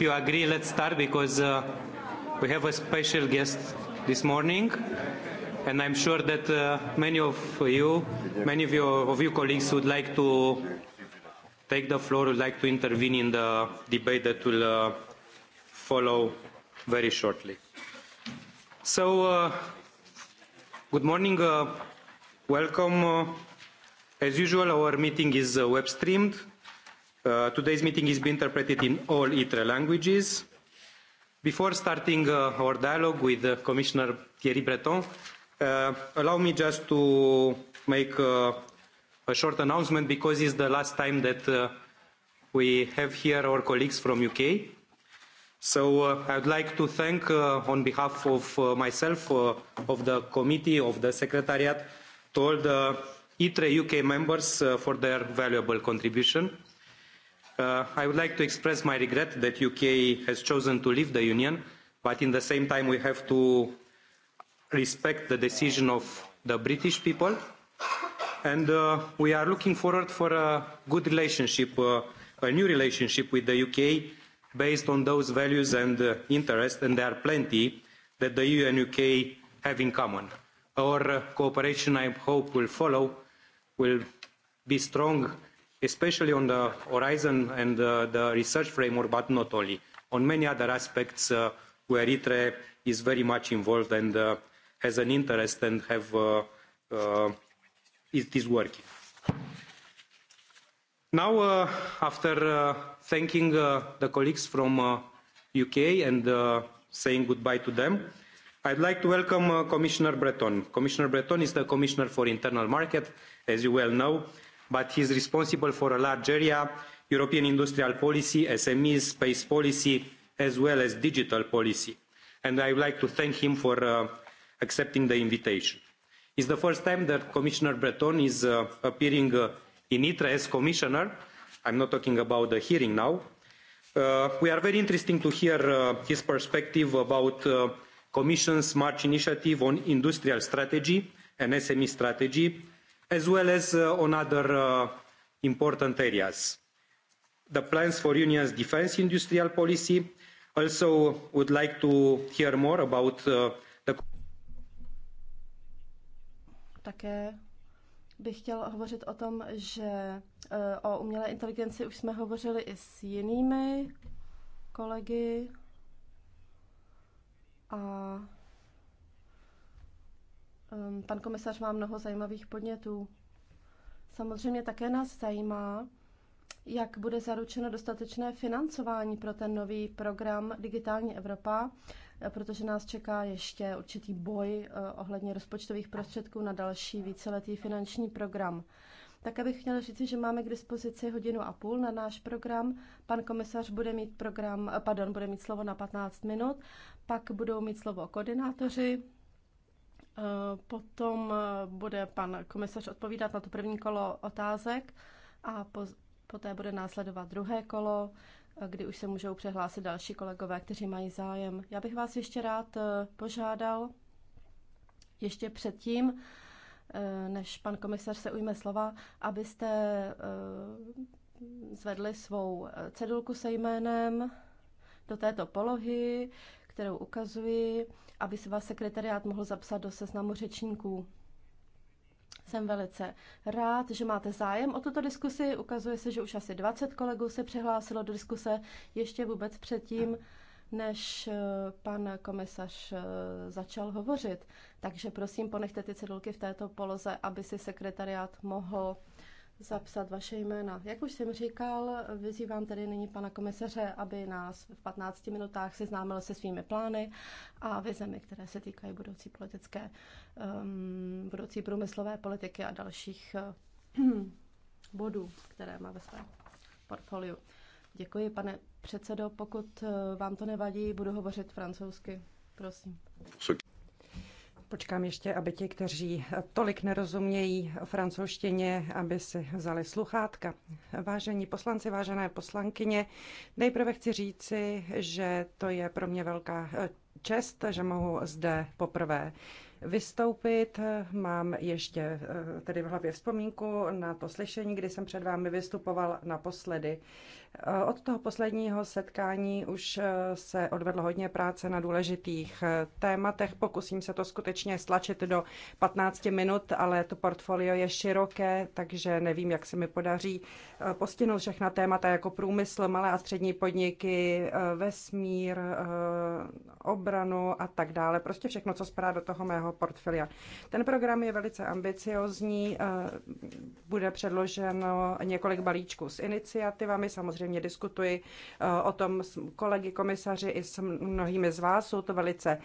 if you agree, let's start because uh, we have a special guest this morning, and I'm sure that uh, many of you, many of your of you colleagues would like to take the floor, would like to intervene in the debate that will uh, follow very shortly. So, uh, good morning, uh, welcome. Uh, as usual, our meeting is uh, web streamed Uh, today's meeting is being interpreted in all ITRE languages. Before starting uh, our dialogue with uh, Commissioner Thierry Breton, uh, allow me just to make uh, a short announcement because it's the last time that uh, we have here our colleagues from UK. So uh, I would like to thank uh, on behalf of uh, myself, uh, of the committee, of the secretariat, to all the ITRE UK members uh, for their valuable contribution. Uh, I would like to express my regret that UK has chosen to leave the Union, but in the same time we have to respect the decision of the British people. And uh, we are looking forward for a good relationship, uh, a new relationship with the UK based on those values and uh, interests, and there are plenty that the EU and UK have in common. Our uh, cooperation, I hope, will follow, will be strong especially on the horizon and uh, the research framework, but not only, on many other aspects uh, where ITRE is very much involved and uh, has an interest and have uh, uh, it is working. Now, uh, after uh, thanking uh, the colleagues from uh, UK and uh, saying goodbye to them, I'd like to welcome uh, Commissioner Breton. Commissioner Breton is the Commissioner for Internal Market, as you well know but he is responsible for a large area european industrial policy smes space policy as well as digital policy and i would like to thank him for uh, accepting the invitation. it's the first time that commissioner breton is uh, appearing uh, in itre as commissioner i'm not talking about the hearing now. we are very interested to hear his perspective about the commission's march initiative on industrial strategy and sme strategy as well as uh, on other uh, important areas. The plans for Union's defence industrial policy also would like to hear more about uh, the... Také bych chtěla hovořit o tom, že uh, o umělé inteligenci už jsme hovořili i s jinými kolegy a Ehm, pan komisař má mnoho zajímavých podnětů. Samozřejmě také nás zajímá, jak bude zaručeno dostatečné financování pro ten nový program Digitální Evropa, eh, protože nás čeká ještě určitý boj eh, ohledně rozpočtových prostředků na další víceletý finanční program. Také bych chtěla říct, že máme k dispozici hodinu a půl na náš program. Pan komisař bude mít program, eh, pardon, bude mít slovo na 15 minut, pak budou mít slovo koordinátoři, Eh, potom eh, bude pan komisař odpovídat na to první kolo otázek a po, poté bude následovat druhé kolo, eh, kdy už se můžou přihlásit další kolegové, kteří mají zájem. Já bych vás ještě rád požádal, ještě předtím, než pan komisař se ujme slova, abyste zvedli svou cedulku se jménem do této polohy, kterou ukazuji, aby se vás sekretariát mohl zapsat do seznamu řečníků. Jsem velice rád, že máte zájem o tuto diskusi. Ukazuje se, že už asi 20 kolegů se přihlásilo do diskuse ještě vůbec předtím, než eh, pan komisař eh, začal hovořit. Takže prosím, ponechte ty cedulky v této poloze, aby si sekretariát mohl zapsat vaše jména. Jak už jsem říkal, vyzývám tedy nyní pana komisaře, aby nás v 15 minutách seznámil se svými plány a vizemi, které se týkají budoucí politické, um, budoucí průmyslové politiky a dalších uh, bodů, které má ve svém portfoliu. Děkuji, pane předsedo. Pokud eh, vám to nevadí, budu hovořit francouzsky. Prosím. Počkám ještě, aby ti, kteří tolik nerozumějí francouzštině, aby si vzali sluchátka. Vážení poslanci, vážené poslankyně, nejprve chci říci, že to je pro mě velká čest, že mohu zde poprvé vystoupit. Mám ještě eh, tedy v hlavě vzpomínku na to slyšení, kdy jsem před vámi vystupoval naposledy. Eh, od toho posledního setkání už eh, se odvedlo hodně práce na důležitých tématech. Pokusím se to skutečně stlačit do 15 minut, ale to portfolio je široké, takže nevím, jak se mi podaří postihnout všechna témata jako průmysl, malé a střední podniky, vesmír, obranu a tak dále. Prostě všechno, co spadá do toho mého toho portfolia. Ten program je velice ambiciozní, eh, bude předloženo eh, několik balíčků s iniciativami, samozřejmě diskutuji eh, o tom s kolegy komisaři i s mnohými z vás, jsou to velice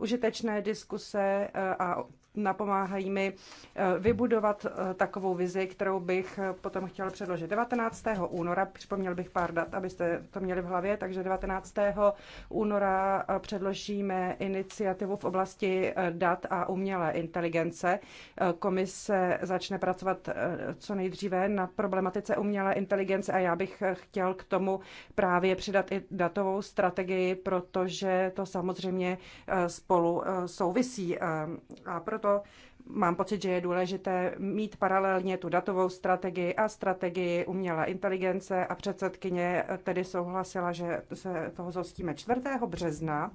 užitečné diskuse a napomáhají mi eh, vybudovat eh, takovou vizi, kterou bych eh, potom chtěla předložit 19. února. Připomněl bych pár dat, abyste to měli v hlavě, takže 19. února předložíme iniciativu v oblasti dat a umělé inteligence. Komise začne pracovat co nejdříve na problematice umělé inteligence a já bych chtěl k tomu právě přidat i datovou strategii, protože to samozřejmě spolu souvisí. A proto proto mám pocit, že je důležité mít paralelně tu datovou strategii a strategii umělé inteligence a předsedkyně tedy souhlasila, že se toho zhostíme 4. března.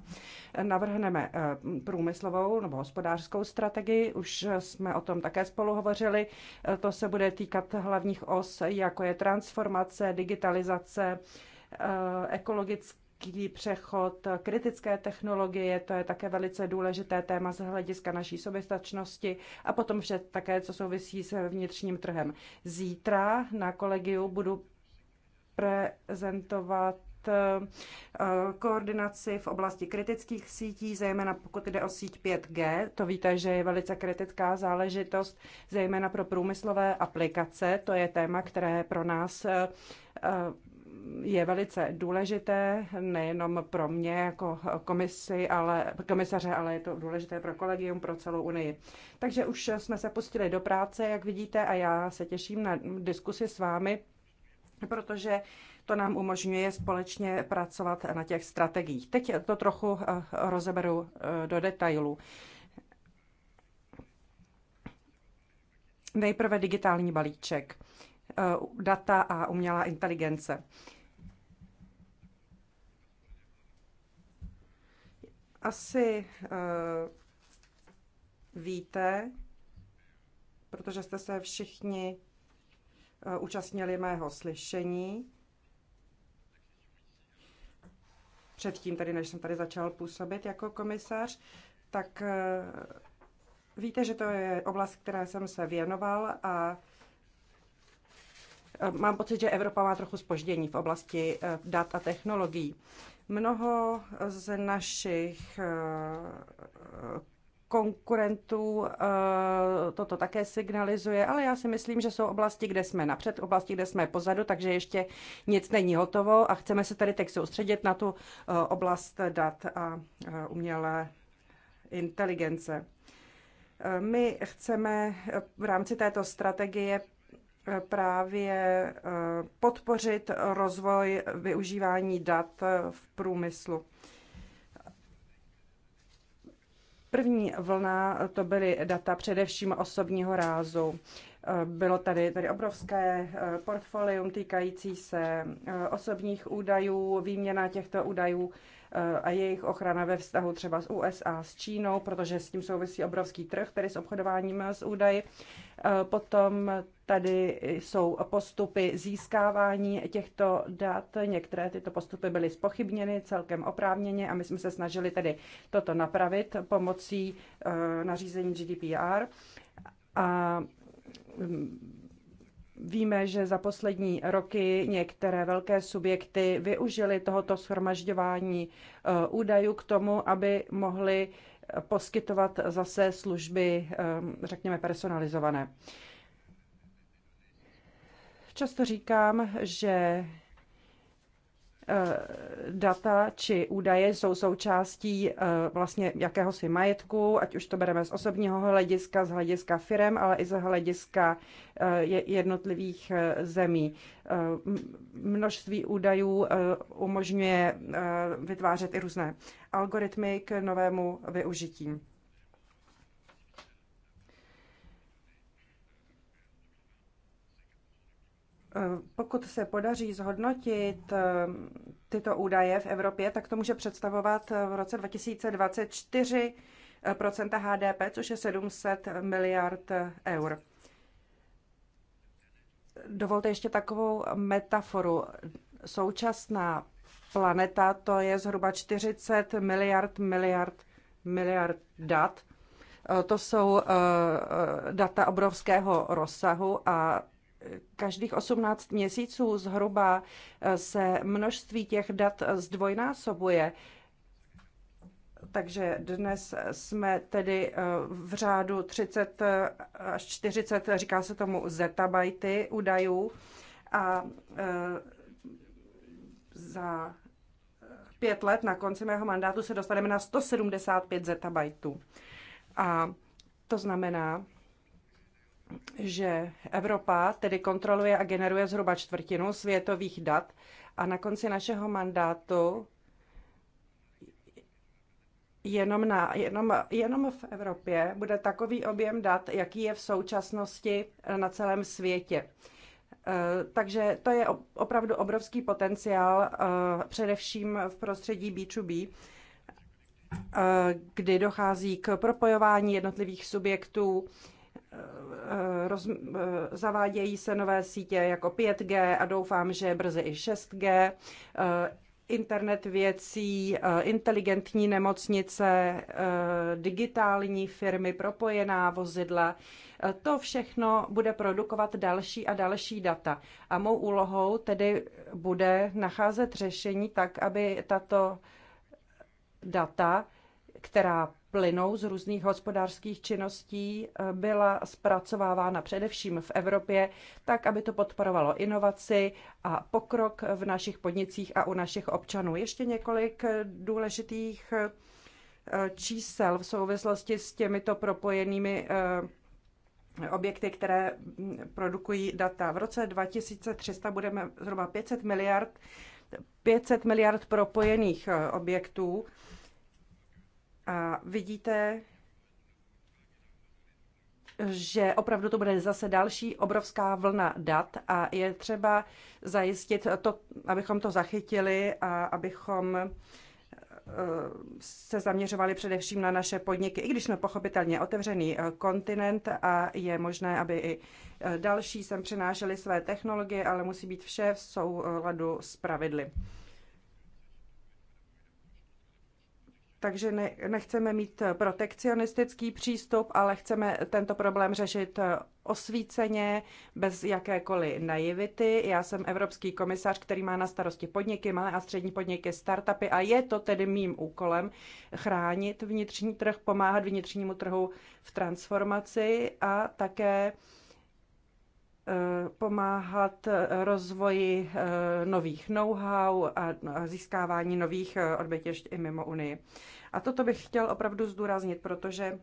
Navrhneme eh, průmyslovou nebo hospodářskou strategii, už jsme o tom také spolu hovořili. Eh, to se bude týkat hlavních os, jako je transformace, digitalizace, eh, ekologické přechod kritické technologie, to je také velice důležité téma z hlediska naší soběstačnosti a potom vše také, co souvisí se vnitřním trhem. Zítra na kolegiu budu prezentovat eh, koordinaci v oblasti kritických sítí, zejména pokud jde o síť 5G. To víte, že je velice kritická záležitost, zejména pro průmyslové aplikace. To je téma, které pro nás eh, eh, je velice důležité nejenom pro mě jako komisi, ale, komisaře, ale je to důležité pro kolegium, pro celou Unii. Takže už jsme se pustili do práce, jak vidíte, a já se těším na diskusi s vámi, protože to nám umožňuje společně pracovat na těch strategiích. Teď to trochu eh, rozeberu eh, do detailů. Nejprve digitální balíček, eh, data a umělá inteligence. asi eh, víte, protože jste se všichni eh, účastnili mého slyšení. Předtím, tedy než jsem tady začal působit jako komisař, tak eh, víte, že to je oblast, které jsem se věnoval a mám pocit, že Evropa má trochu spoždění v oblasti dat a technologií. Mnoho z našich eh, konkurentů eh, toto také signalizuje, ale já si myslím, že jsou oblasti, kde jsme napřed, oblasti, kde jsme pozadu, takže ještě nic není hotovo a chceme se tady teď soustředit na tu eh, oblast dat a umělé inteligence. My chceme v rámci této strategie právě eh, podpořit rozvoj využívání dat v průmyslu. První vlna to byly data především osobního rázu. Eh, bylo tady, tady obrovské eh, portfolium týkající se osobních údajů, výměna těchto údajů a jejich ochrana ve vztahu třeba s USA, s Čínou, protože s tím souvisí obrovský trh, tedy s obchodováním s údaji. Potom tady jsou postupy získávání těchto dat. Některé tyto postupy byly spochybněny celkem oprávněně a my jsme se snažili tedy toto napravit pomocí eh, nařízení GDPR. A Víme, že za poslední roky některé velké subjekty využily tohoto shromažďování eh, údajů k tomu, aby mohly eh, poskytovat zase služby, eh, řekněme, personalizované. Často říkám, že Eh, data či údaje jsou součástí eh, vlastně jakéhosi majetku, ať už to bereme z osobního hlediska, z hlediska firem, ale i z hlediska eh, jednotlivých zemí. Množství údajů umožňuje vytvářet i různé algoritmy k novému využití. Eh, pokud se podaří zhodnotit eh, tyto údaje v Evropě, tak to může představovat eh, v roce 2024 HDP, což je 700 miliard eur. Dovolte ještě takovou metaforu. Současná planeta to je zhruba 40 miliard miliard miliard dat. To jsou data obrovského rozsahu a každých 18 měsíců zhruba eh, se množství těch dat zdvojnásobuje. Takže dnes jsme tedy eh, v řádu 30 eh, až 40, říká se tomu zetabajty údajů a za pět let na konci mého mandátu se dostaneme na 175 zetabajtů. A to znamená, že Evropa tedy kontroluje a generuje zhruba čtvrtinu světových dat a na konci našeho mandátu jenom, na, jenom, jenom v Evropě bude takový objem dat, jaký je v současnosti na celém světě. E, takže to je opravdu obrovský potenciál, e, především v prostředí B2B, e, kdy dochází k propojování jednotlivých subjektů, Eh, roz, eh, zavádějí se nové sítě jako 5G a doufám, že brzy i 6G. Eh, internet věcí, inteligentní nemocnice, digitální firmy, propojená vozidla. To všechno bude produkovat další a další data. A mou úlohou tedy bude nacházet řešení tak, aby tato data, která plynou z různých hospodářských činností, eh, byla zpracovávána především v Evropě, tak aby to podporovalo inovaci a pokrok v našich podnicích a u našich občanů. Ještě několik eh, důležitých eh, čísel v souvislosti s těmito propojenými objekty, které mm, produkují data. V roce 2300 budeme zhruba 500 miliard 500 miliard propojených objektů a vidíte, že opravdu to bude zase další obrovská vlna dat a je třeba zajistit to, abychom to zachytili a abychom eh, se zaměřovali především na naše podniky, i když jsme pochopitelně otevřený eh, kontinent a je možné, aby i eh, další sem přinášeli své technologie, ale musí být vše v souladu s pravidly. Takže ne, nechceme mít protekcionistický přístup, ale chceme tento problém řešit eh, osvíceně, bez jakékoliv naivity. Já jsem evropský komisař, který má na starosti podniky, malé a střední podniky, startupy a je to tedy mým úkolem chránit vnitřní trh, pomáhat vnitřnímu trhu v transformaci a také Eh, pomáhat eh, rozvoji eh, nových know-how a získávání nových odbytišť i mimo Unii. A toto bych chtěl opravdu zdůraznit, protože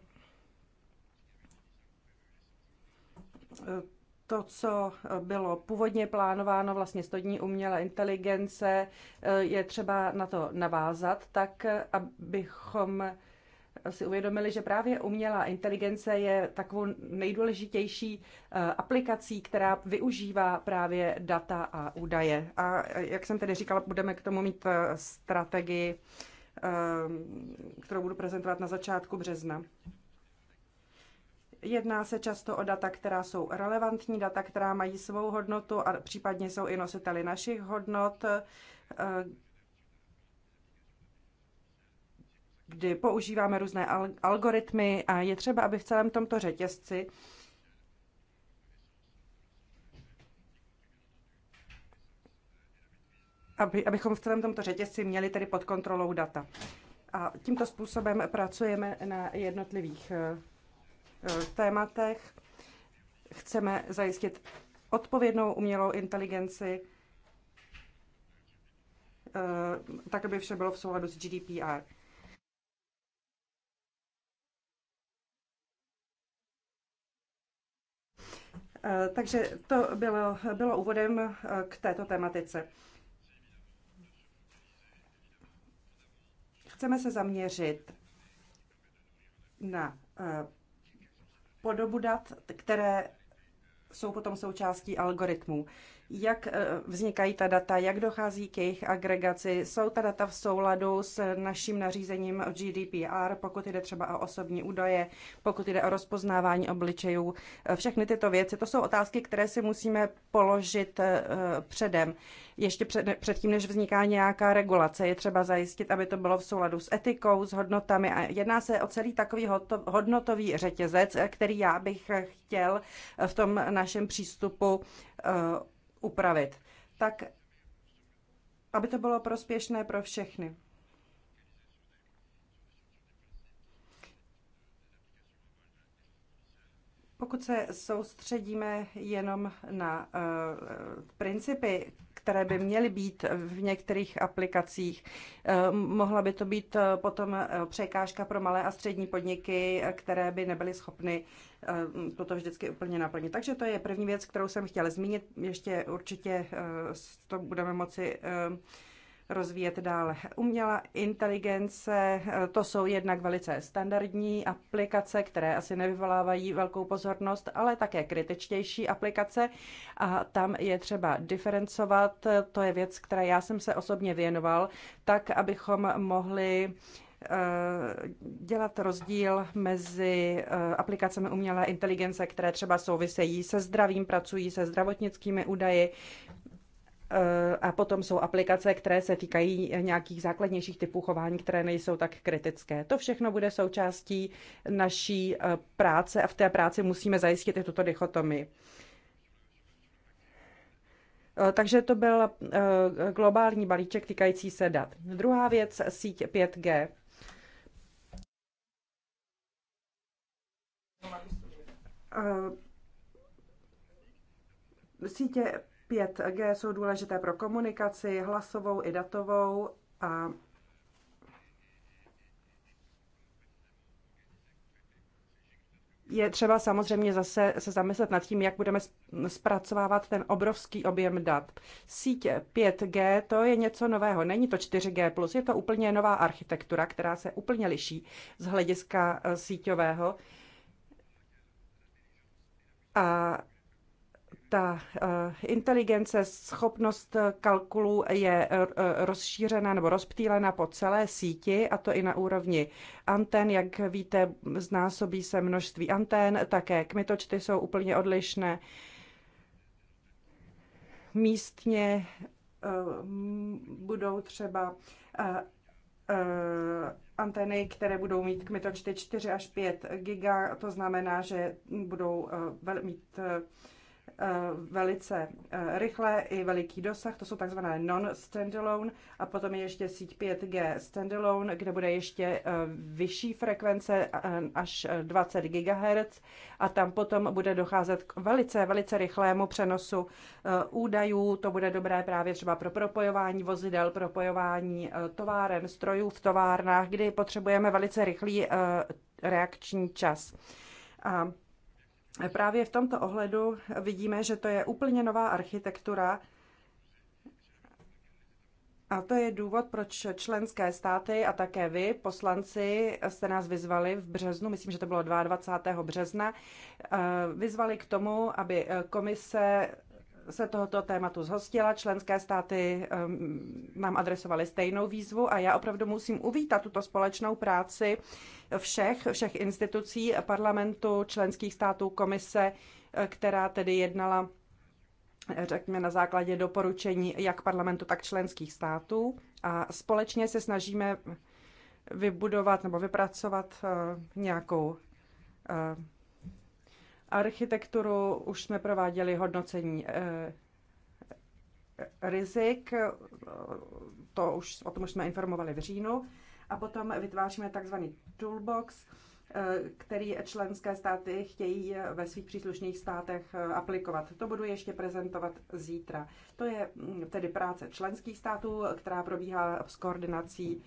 to, co bylo původně plánováno, vlastně stodní umělé inteligence, je třeba na to navázat tak, abychom si uvědomili, že právě umělá inteligence je takovou nejdůležitější eh, aplikací, která využívá právě data a údaje. A eh, jak jsem tedy říkala, budeme k tomu mít eh, strategii, kterou budu prezentovat na začátku března. Jedná se často o data, která jsou relevantní, data, která mají svou hodnotu a případně jsou i nositeli našich hodnot kdy používáme různé algoritmy a je třeba, aby v celém tomto řetězci aby, abychom v celém tomto řetězci měli tedy pod kontrolou data. A tímto způsobem pracujeme na jednotlivých eh, eh, tématech. Chceme zajistit odpovědnou umělou inteligenci, eh, tak aby vše bylo v souladu s GDPR. Eh, takže to bylo, bylo úvodem eh, k této tematice. Chceme se zaměřit na eh, podobu dat, které jsou potom součástí algoritmů jak eh, vznikají ta data, jak dochází k jejich agregaci, jsou ta data v souladu s naším nařízením GDPR, pokud jde třeba o osobní údaje, pokud jde o rozpoznávání obličejů, eh, všechny tyto věci, to jsou otázky, které si musíme položit eh, předem. Ještě před, předtím, než vzniká nějaká regulace, je třeba zajistit, aby to bylo v souladu s etikou, s hodnotami a jedná se o celý takový hodnotový řetězec, který já bych chtěl v tom našem přístupu upravit, tak aby to bylo prospěšné pro všechny. Pokud se soustředíme jenom na uh, principy, které by měly být v některých aplikacích. Eh, mohla by to být eh, potom eh, překážka pro malé a střední podniky, které by nebyly schopny toto vždycky úplně naplnit. Takže to je první věc, kterou jsem chtěla zmínit. Ještě určitě to budeme moci rozvíjet dále. Umělá inteligence, eh, to jsou jednak velice standardní aplikace, které asi nevyvolávají velkou pozornost, ale také kritičtější aplikace a tam je třeba diferencovat. Eh, to je věc, které já jsem se osobně věnoval, tak, abychom mohli eh, dělat rozdíl mezi aplikacemi umělé inteligence, které třeba souvisejí se zdravím, pracují se zdravotnickými údaji, Eh, a potom jsou aplikace, které se týkají nějakých základnějších typů chování, které nejsou tak kritické. To všechno bude součástí naší eh, práce a v té práci musíme zajistit i tuto dichotomii. Eh, takže to byl globální balíček týkající se dat. Druhá věc, síť 5G. Sítě 5G jsou důležité pro komunikaci, hlasovou i datovou a je třeba samozřejmě zase se zamyslet nad tím, jak budeme zpracovávat ten obrovský objem dat. Sítě 5G to je něco nového, není to 4G+, je to úplně nová architektura, která se úplně liší z hlediska eh, síťového. A ta eh, inteligence, schopnost kalkulů je eh, rozšířena nebo rozptýlena po celé síti, a to i na úrovni antén. Jak víte, znásobí se množství antén, také kmitočty jsou úplně odlišné. Místně eh, budou třeba antény, které budou mít kmitočty 4 až 5 giga, to znamená, že budou mít Eh, velice eh, rychle i veliký dosah, to jsou takzvané non-standalone a potom je ještě síť 5G standalone, kde bude ještě eh, vyšší frekvence až 20 GHz a tam potom bude docházet k velice, velice rychlému přenosu údajů, to bude dobré právě třeba pro propojování vozidel, propojování továren, strojů v továrnách, kdy potřebujeme velice rychlý reakční čas. A právě v tomto ohledu vidíme, že to je úplně nová architektura. A to je důvod, proč členské státy a také vy, poslanci, jste nás vyzvali v březnu, myslím, že to bylo 22. března, eh, vyzvali k tomu, aby eh, komise se tohoto tématu zhostila. Členské státy nám adresovaly stejnou výzvu a já opravdu musím uvítat tuto společnou práci všech, všech institucí, parlamentu, členských států, komise, eh, která tedy jednala eh, řekněme, na základě doporučení jak parlamentu, tak členských států. A společně se snažíme vybudovat nebo vypracovat eh, nějakou architekturu už jsme prováděli hodnocení eh, rizik, to už, o tom už jsme informovali v říjnu, a potom vytváříme takzvaný toolbox, eh, který členské státy chtějí ve svých příslušných státech eh, aplikovat. To budu ještě prezentovat zítra. To je mm, tedy práce členských států, která probíhá s koordinací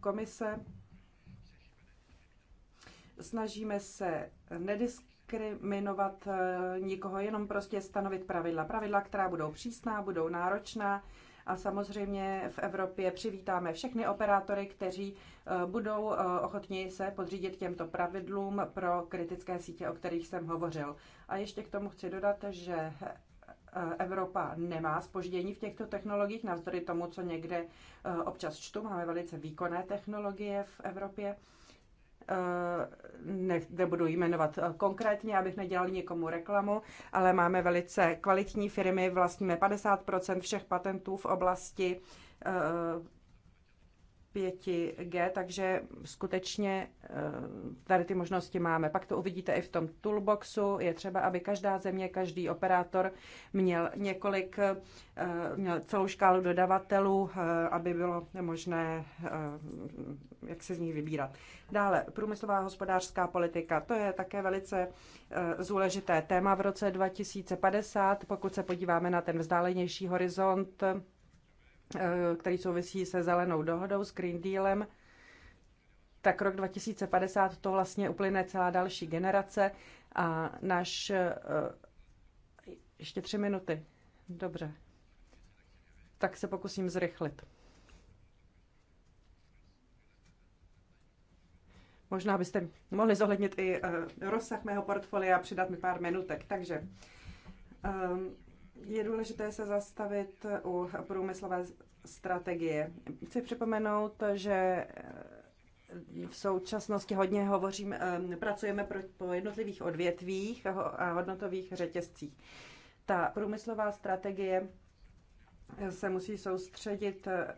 komise. Snažíme se nedisk diskriminovat eh, nikoho, jenom prostě stanovit pravidla. Pravidla, která budou přísná, budou náročná a samozřejmě v Evropě přivítáme všechny operátory, kteří eh, budou eh, ochotni se podřídit těmto pravidlům pro kritické sítě, o kterých jsem hovořil. A ještě k tomu chci dodat, že Evropa nemá spoždění v těchto technologiích, navzdory tomu, co někde občas čtu, máme velice výkonné technologie v Evropě. Eh, ne, nebudu jmenovat eh, konkrétně, abych nedělal někomu reklamu, ale máme velice kvalitní firmy, vlastníme 50% všech patentů v oblasti eh, 5G, takže skutečně eh, tady ty možnosti máme. Pak to uvidíte i v tom toolboxu. Je třeba, aby každá země, každý operátor měl několik, eh, měl celou škálu dodavatelů, eh, aby bylo možné, jak se z nich vybírat. Dále, průmyslová hospodářská politika, to je také velice zůležité téma v roce 2050. Pokud se podíváme na ten vzdálenější horizont, Eh, který souvisí se zelenou dohodou, s Green Dealem, tak rok 2050 to vlastně uplyne celá další generace a náš... Eh, ještě tři minuty. Dobře. Tak se pokusím zrychlit. Možná byste mohli zohlednit i eh, rozsah mého portfolia a přidat mi pár minutek. Takže um, je důležité se zastavit u průmyslové strategie. Chci připomenout, že eh, v současnosti hodně hovořím, eh, pracujeme pro, po jednotlivých odvětvích a hodnotových řetězcích. Ta průmyslová strategie se musí soustředit eh,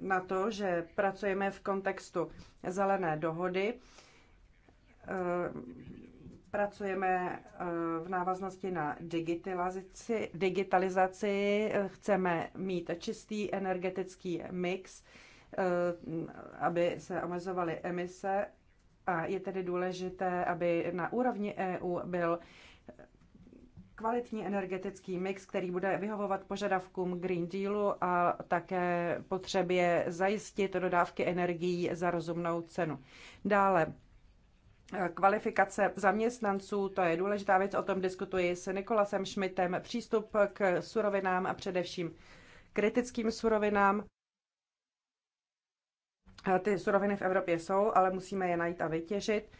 na to, že pracujeme v kontextu zelené dohody, Pracujeme eh, v návaznosti na digitalizaci. digitalizaci. Eh, chceme mít čistý energetický mix, eh, aby se omezovaly emise a je tedy důležité, aby na úrovni EU byl kvalitní energetický mix, který bude vyhovovat požadavkům Green Dealu a také potřebě zajistit dodávky energií za rozumnou cenu. Dále Eh, kvalifikace zaměstnanců, to je důležitá věc, o tom diskutuji s Nikolasem Šmitem. Přístup k surovinám a především kritickým surovinám. Eh, ty suroviny v Evropě jsou, ale musíme je najít a vytěžit.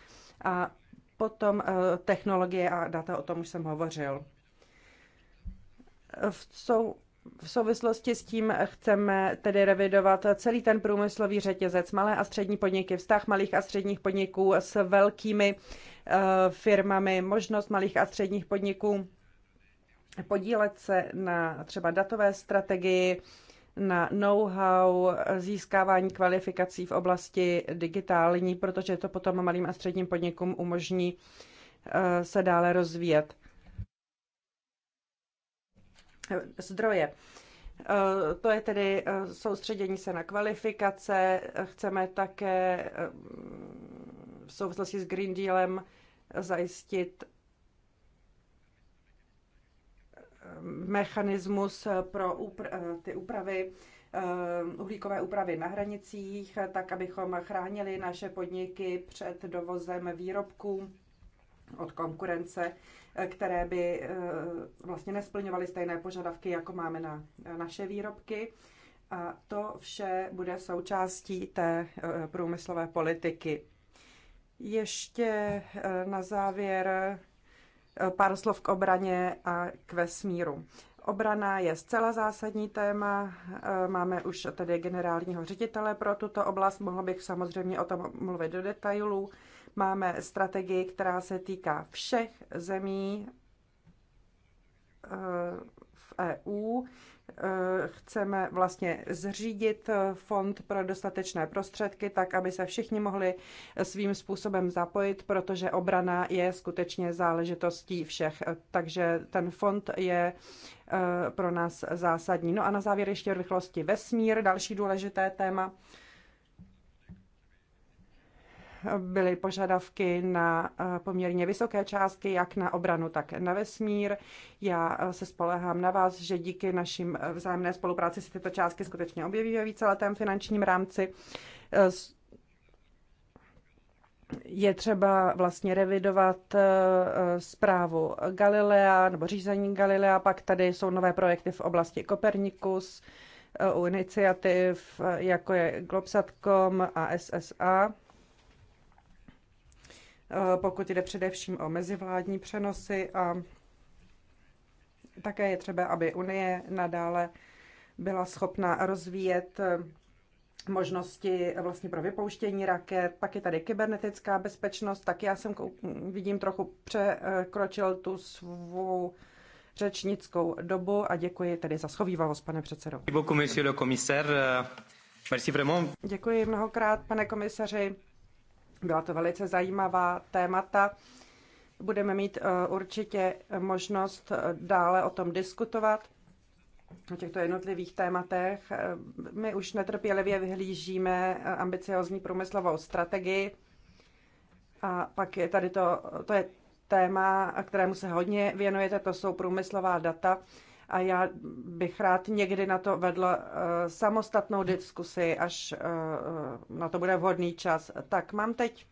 A potom eh, technologie a data, o tom už jsem hovořil. Jsou v souvislosti s tím chceme tedy revidovat celý ten průmyslový řetězec, malé a střední podniky, vztah malých a středních podniků s velkými eh, firmami, možnost malých a středních podniků podílet se na třeba datové strategii, na know-how, získávání kvalifikací v oblasti digitální, protože to potom malým a středním podnikům umožní eh, se dále rozvíjet zdroje. Eh, to je tedy eh, soustředění se na kvalifikace. Chceme také eh, v souvislosti s Green Dealem zajistit mechanismus pro ty úpravy, uhlíkové úpravy na hranicích, tak abychom chránili naše podniky před dovozem výrobků od konkurence, které by eh, vlastně nesplňovaly stejné požadavky, jako máme na naše výrobky. A to vše bude součástí té eh, průmyslové politiky. Ještě eh, na závěr pár slov k obraně a k vesmíru. Obrana je zcela zásadní téma. Máme už tedy generálního ředitele pro tuto oblast. Mohla bych samozřejmě o tom mluvit do detailů. Máme strategii, která se týká všech zemí eh, v EU. Eh, chceme vlastně zřídit fond pro dostatečné prostředky, tak aby se všichni mohli svým způsobem zapojit, protože obrana je skutečně záležitostí všech. Takže ten fond je eh, pro nás zásadní. No a na závěr ještě rychlosti vesmír, další důležité téma byly požadavky na eh, poměrně vysoké částky, jak na obranu, tak na vesmír. Já eh, se spolehám na vás, že díky našim eh, vzájemné spolupráci se tyto částky skutečně objeví ve víceletém finančním rámci. Je třeba vlastně revidovat zprávu Galilea nebo řízení Galilea, pak tady jsou nové projekty v oblasti Kopernikus, u iniciativ, jako je Globsatcom a SSA. Eh, pokud jde především o mezivládní přenosy a také je třeba, aby Unie nadále byla schopna rozvíjet eh, možnosti eh, vlastně pro vypouštění raket, pak je tady kybernetická bezpečnost, tak já jsem vidím trochu překročil tu svou řečnickou dobu a děkuji tedy za schovývavost, pane předsedo. Děkuji mnohokrát, pane komisaři. Byla to velice zajímavá témata. Budeme mít eh, určitě možnost eh, dále o tom diskutovat, o těchto jednotlivých tématech. Eh, my už netrpělivě vyhlížíme ambiciozní průmyslovou strategii. A pak je tady to, to je téma, kterému se hodně věnujete, to jsou průmyslová data a já bych rád někdy na to uh, samostatnou diskusi, až eh, na to bude vhodný čas. Tak mám teď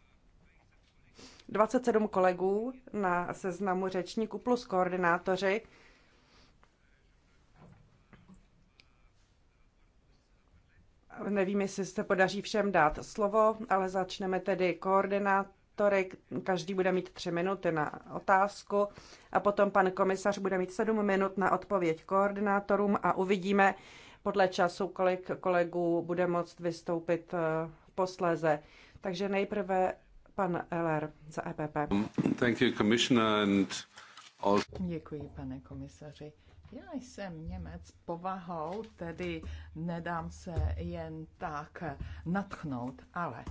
27 kolegů na seznamu řečníků plus koordinátoři. Nevím, jestli se podaří všem dát slovo, ale začneme tedy koordinátor koordinátory, každý bude mít tři minuty na otázku a potom pan komisař bude mít sedm minut na odpověď koordinátorům a uvidíme podle času, kolik kolegů bude moct vystoupit eh, posléze. Takže nejprve pan LR za EPP. Thank you, commissioner and also... Děkuji, pane komisaři. Já jsem Němec povahou, tedy nedám se jen tak natchnout, ale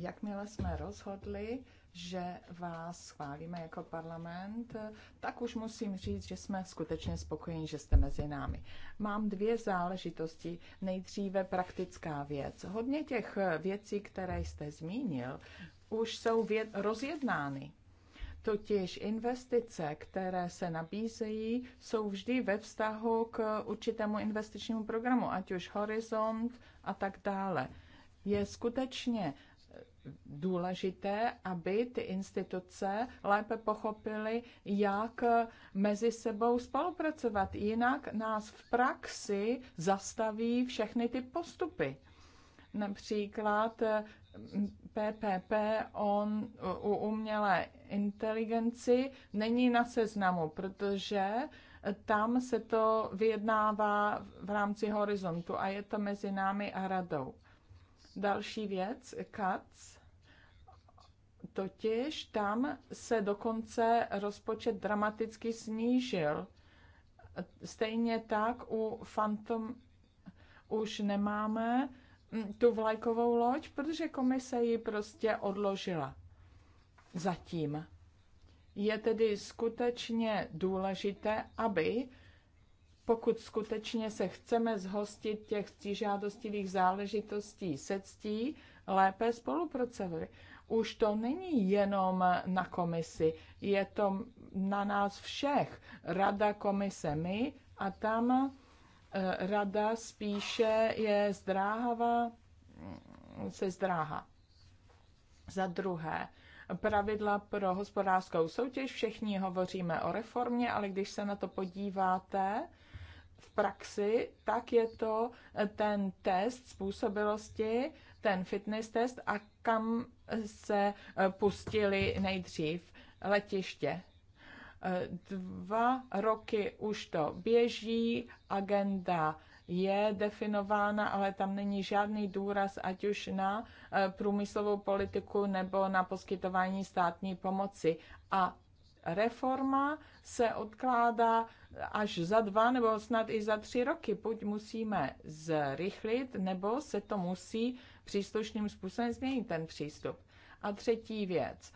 Jakmile jsme rozhodli, že vás schválíme jako parlament, tak už musím říct, že jsme skutečně spokojeni, že jste mezi námi. Mám dvě záležitosti. Nejdříve praktická věc. Hodně těch věcí, které jste zmínil, už jsou rozjednány. Totiž investice, které se nabízejí, jsou vždy ve vztahu k určitému investičnímu programu, ať už Horizont a tak dále. Je skutečně důležité, aby ty instituce lépe pochopily, jak mezi sebou spolupracovat. Jinak nás v praxi zastaví všechny ty postupy. Například PPP mm, on, u umělé inteligenci není na seznamu, protože tam se to vyjednává v rámci horizontu a je to mezi námi a radou. Další věc, CATS, totiž tam se dokonce rozpočet dramaticky snížil. Stejně tak u Phantom už nemáme mm, tu vlajkovou loď, protože komise ji prostě odložila. Zatím. Je tedy skutečně důležité, aby pokud skutečně se chceme zhostit těch žádostivých záležitostí se ctí, lépe spolupracovat. Už to není jenom na komisi, je to na nás všech. Rada, komise, my a tam eh, rada spíše je zdráhavá, mm, se zdráhá. Za druhé, pravidla pro hospodářskou soutěž. Všichni hovoříme o reformě, ale když se na to podíváte, v praxi, tak je to ten test způsobilosti, ten fitness test a kam se pustili nejdřív letiště. Dva roky už to běží, agenda je definována, ale tam není žádný důraz, ať už na eh, průmyslovou politiku nebo na poskytování státní pomoci. A reforma se odkládá až za dva nebo snad i za tři roky. Buď musíme zrychlit, nebo se to musí příslušným způsobem změnit ten přístup. A třetí věc.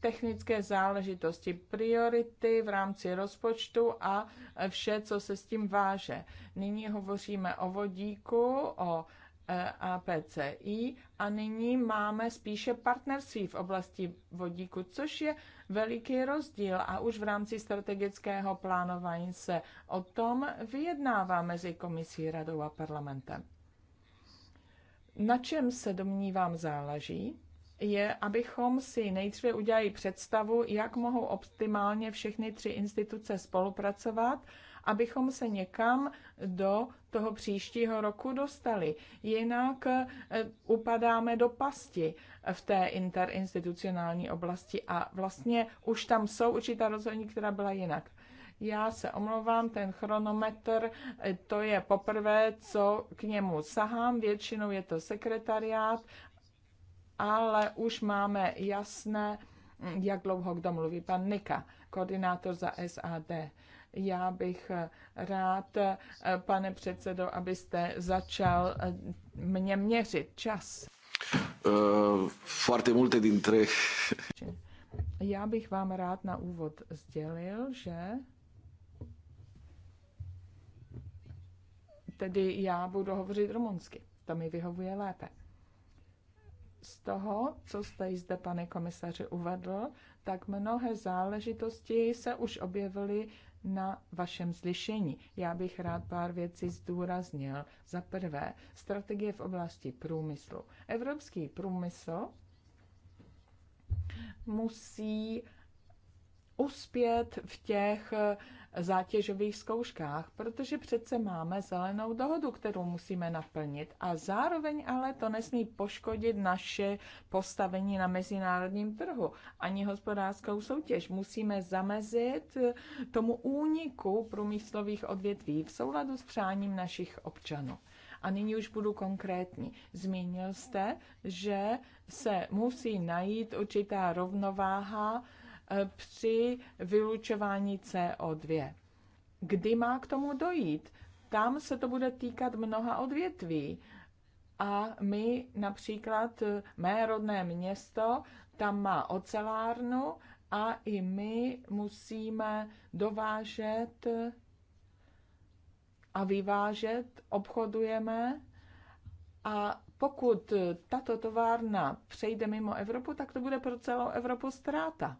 Technické záležitosti, priority v rámci rozpočtu a vše, co se s tím váže. Nyní hovoříme o vodíku, o e, APCI a nyní máme spíše partnerství v oblasti vodíku, což je veliký rozdíl a už v rámci strategického plánování se o tom vyjednává mezi komisí, radou a parlamentem. Na čem se domnívám záleží, je, abychom si nejdříve udělali představu, jak mohou optimálně všechny tři instituce spolupracovat, abychom se někam do toho příštího roku dostali. Jinak eh, upadáme do pasti v té interinstitucionální oblasti a vlastně už tam jsou určitá rozhodnutí, která byla jinak. Já se omlouvám, ten chronometr, eh, to je poprvé, co k němu sahám, většinou je to sekretariát, ale už máme jasné, mm, jak dlouho kdo mluví. Pan Nika, koordinátor za SAD. Já bych eh, rád, eh, pane předsedo, abyste začal eh, mě měřit čas. foarte multe dintre... Já bych vám rád na úvod sdělil, že tedy já budu hovořit rumunsky. To mi vyhovuje lépe. Z toho, co jste zde, pane komisaři, uvedl, tak mnohé záležitosti se už objevily na vašem slyšení. Já bych rád pár věcí zdůraznil. Za prvé, strategie v oblasti průmyslu. Evropský průmysl musí uspět v těch eh, zátěžových zkouškách, protože přece máme zelenou dohodu, kterou musíme naplnit a zároveň ale to nesmí poškodit naše postavení na mezinárodním trhu ani hospodářskou soutěž. Musíme zamezit eh, tomu úniku průmyslových odvětví v souladu s přáním našich občanů. A nyní už budu konkrétní. Zmínil jste, že se musí najít určitá rovnováha Eh, při vylučování CO2. Kdy má k tomu dojít? Tam se to bude týkat mnoha odvětví. A my například, eh, mé rodné město, tam má ocelárnu a i my musíme dovážet eh, a vyvážet, obchodujeme. A pokud tato továrna přejde mimo Evropu, tak to bude pro celou Evropu ztráta.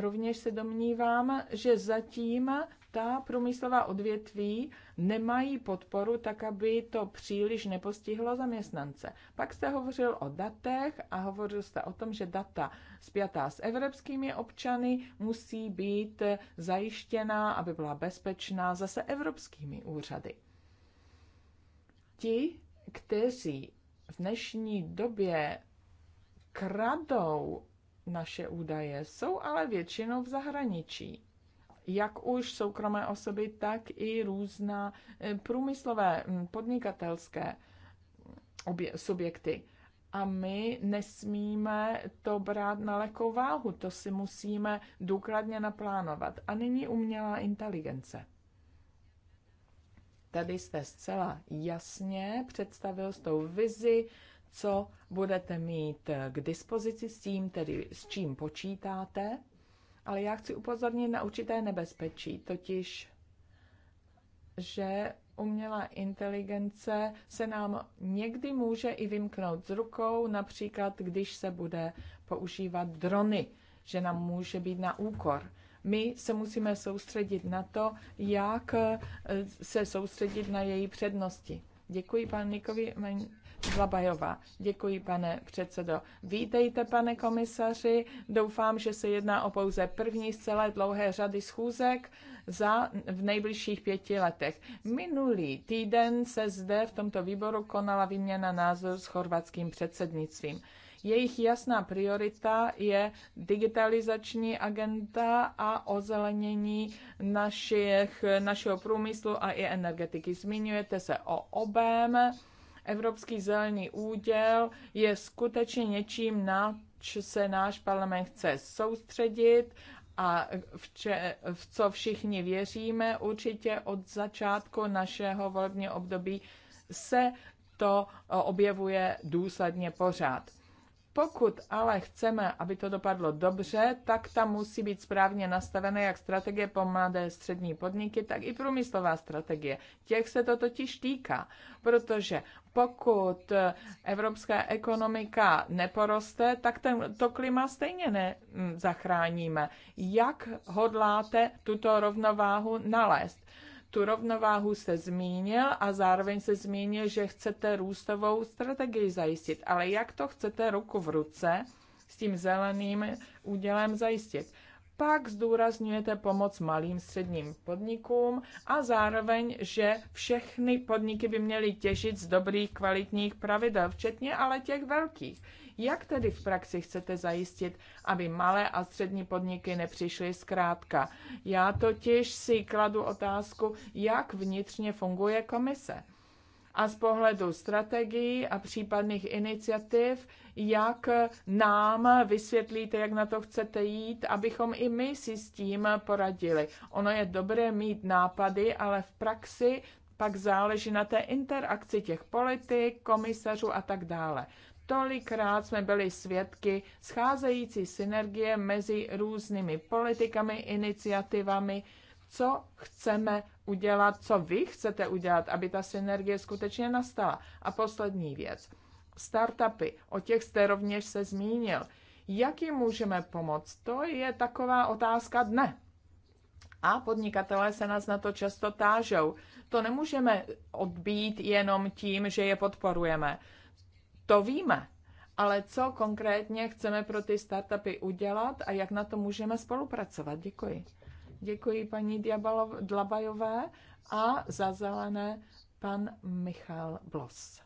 Rovněž se domnívám, že zatím ta průmyslová odvětví nemají podporu tak, aby to příliš nepostihlo zaměstnance. Pak jste hovořil o datech a hovořil jste o tom, že data spjatá s evropskými občany musí být zajištěna, aby byla bezpečná zase evropskými úřady. Ti, kteří v dnešní době kradou naše údaje. Jsou ale většinou v zahraničí. Jak už soukromé osoby, tak i různá eh, průmyslové, hm, podnikatelské hm, obje, subjekty. A my nesmíme to brát na lehkou váhu, to si musíme důkladně naplánovat. A nyní umělá inteligence. Tady jste zcela jasně představil s tou vizi, co budete mít eh, k dispozici, s tím tedy s čím počítáte, ale já chci upozornit na určité nebezpečí, totiž, že umělá inteligence se nám někdy může i vymknout z rukou, například když se bude používat drony, že nám může být na úkor. My se musíme soustředit na to, jak eh, se soustředit na její přednosti. Děkuji panu Nikovi Dlabajová. Děkuji, pane předsedo. Vítejte, pane komisaři. Doufám, že se jedná o pouze první z celé dlouhé řady schůzek za v nejbližších pěti letech. Minulý týden se zde v tomto výboru konala výměna názor s chorvatským předsednictvím. Jejich jasná priorita je digitalizační agenda a ozelenění našich, našeho průmyslu a i energetiky. Zmiňujete se o obém Evropský zelený úděl je skutečně něčím, na co se náš parlament chce soustředit a v, če, v co všichni věříme. Určitě od začátku našeho volebního období se to eh, objevuje důsledně pořád. Pokud ale chceme, aby to dopadlo dobře, tak tam musí být správně nastavené jak strategie pro mladé střední podniky, tak i průmyslová strategie. Těch se to totiž týká, protože pokud eh, evropská ekonomika neporoste, tak ten, to klima stejně nezachráníme. Mm, jak hodláte tuto rovnováhu nalézt? Tu rovnováhu se zmínil a zároveň se zmínil, že chcete růstovou strategii zajistit. Ale jak to chcete ruku v ruce s tím zeleným údělem zajistit? Pak zdůrazňujete pomoc malým středním podnikům a zároveň, že všechny podniky by měly těžit z dobrých kvalitních pravidel, včetně ale těch velkých. Jak tedy v praxi chcete zajistit, aby malé a střední podniky nepřišly zkrátka? Já totiž si kladu otázku, jak vnitřně funguje komise a z pohledu strategií a případných iniciativ, jak nám vysvětlíte, jak na to chcete jít, abychom i my si s tím poradili. Ono je dobré mít nápady, ale v praxi pak záleží na té interakci těch politik, komisařů a tak dále. Tolikrát jsme byli svědky scházející synergie mezi různými politikami, iniciativami, co chceme udělat, co vy chcete udělat, aby ta synergie skutečně nastala. A poslední věc. Startupy, o těch jste rovněž se zmínil. Jak jim můžeme pomoct? To je taková otázka dne. A podnikatelé se nás na to často tážou. To nemůžeme odbít jenom tím, že je podporujeme. To víme, ale co konkrétně chceme pro ty startupy udělat a jak na to můžeme spolupracovat? Děkuji. Děkuji paní Diabalov, Dlabajové a za zelené pan Michal Blos.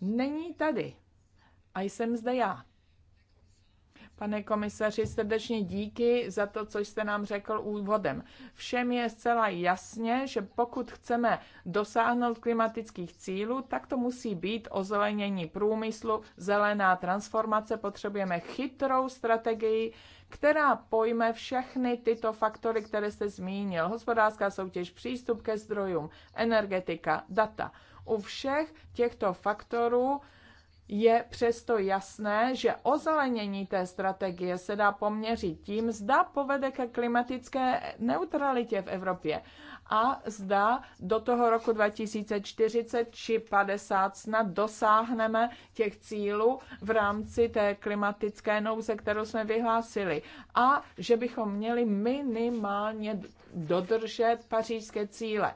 Není tady a jsem zde já. Pane komisaři, srdečně díky za to, co jste nám řekl úvodem. Všem je zcela jasně, že pokud chceme dosáhnout klimatických cílů, tak to musí být ozelenění průmyslu, zelená transformace, potřebujeme chytrou strategii, která pojme všechny tyto faktory, které jste zmínil. Hospodářská soutěž, přístup ke zdrojům, energetika, data. U všech těchto faktorů je přesto jasné, že ozelenění té strategie se dá poměřit tím, zda povede ke klimatické neutralitě v Evropě a zda do toho roku 2040 či 50 snad dosáhneme těch cílů v rámci té klimatické nouze, kterou jsme vyhlásili. A že bychom měli minimálně dodržet pařížské cíle.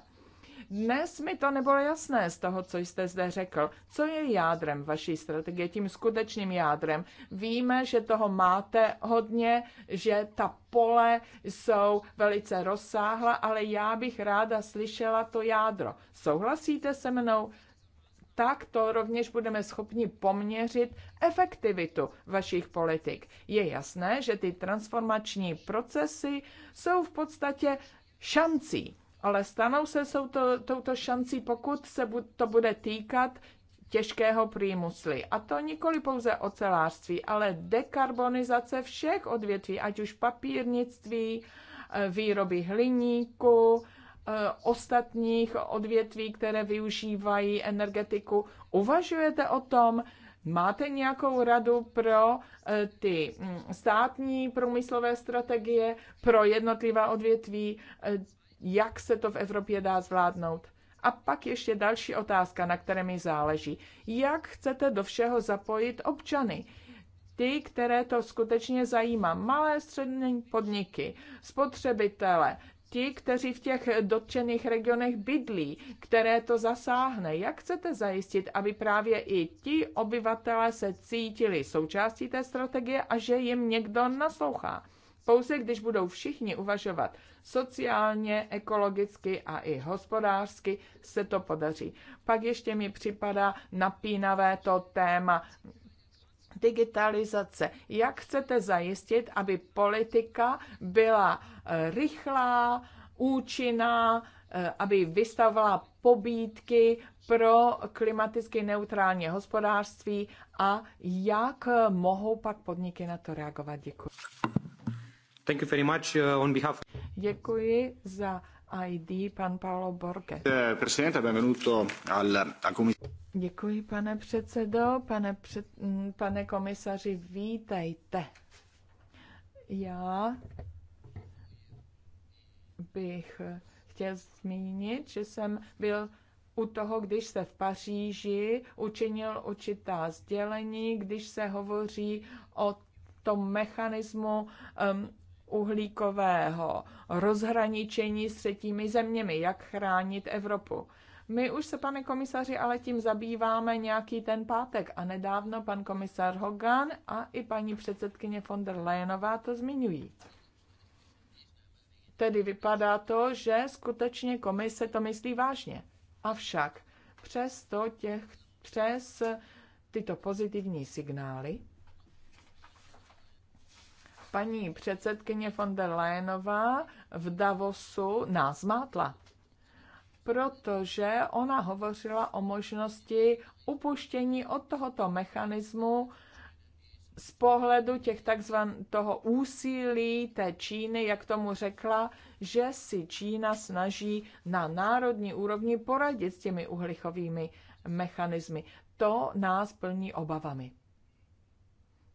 Dnes mi to nebylo jasné z toho, co jste zde řekl. Co je jádrem vaší strategie, tím skutečným jádrem? Víme, že toho máte hodně, že ta pole jsou velice rozsáhla, ale já bych ráda slyšela to jádro. Souhlasíte se mnou? tak to rovněž budeme schopni poměřit efektivitu vašich politik. Je jasné, že ty transformační procesy jsou v podstatě šancí ale stanou se jsou to, touto šancí, pokud se to bude týkat těžkého průmyslu. A to nikoli pouze ocelářství, ale dekarbonizace všech odvětví, ať už papírnictví, eh, výroby hliníku, eh, ostatních odvětví, které využívají energetiku. Uvažujete o tom, Máte nějakou radu pro eh, ty mm, státní průmyslové strategie, pro jednotlivá odvětví? jak se to v Evropě dá zvládnout. A pak ještě další otázka, na které mi záleží. Jak chcete do všeho zapojit občany? Ty, které to skutečně zajímá, malé střední podniky, spotřebitele, ti, kteří v těch dotčených regionech bydlí, které to zasáhne. Jak chcete zajistit, aby právě i ti obyvatelé se cítili součástí té strategie a že jim někdo naslouchá? Pouze když budou všichni uvažovat sociálně, ekologicky a i hospodářsky, se to podaří. Pak ještě mi připadá napínavé to téma digitalizace. Jak chcete zajistit, aby politika byla eh, rychlá, účinná, eh, aby vystavovala pobídky pro klimaticky neutrální hospodářství a jak eh, mohou pak podniky na to reagovat? Děkuji. Thank you very much uh, on behalf... Děkuji za ID pan Paolo Borge. Eh, presidente, benvenuto al, al Děkuji, pane předsedo. Pane, před, pane komisaři, vítejte. Já bych chtěl zmínit, že jsem byl u toho, když se v Paříži učinil určitá sdělení, když se hovoří o tom mechanismu um, uhlíkového rozhraničení s třetími zeměmi, jak chránit Evropu. My už se, pane komisaři, ale tím zabýváme nějaký ten pátek a nedávno pan komisař Hogan a i paní předsedkyně von der Leyenová to zmiňují. Tedy vypadá to, že skutečně komise to myslí vážně. Avšak přes to těch, přes tyto pozitivní signály paní předsedkyně von der Leyenová v Davosu nás mátla, protože ona hovořila o možnosti upuštění od tohoto mechanismu z pohledu těch takzvan toho úsilí té Číny, jak tomu řekla, že si Čína snaží na národní úrovni poradit s těmi uhlíkovými mechanismy. To nás plní obavami.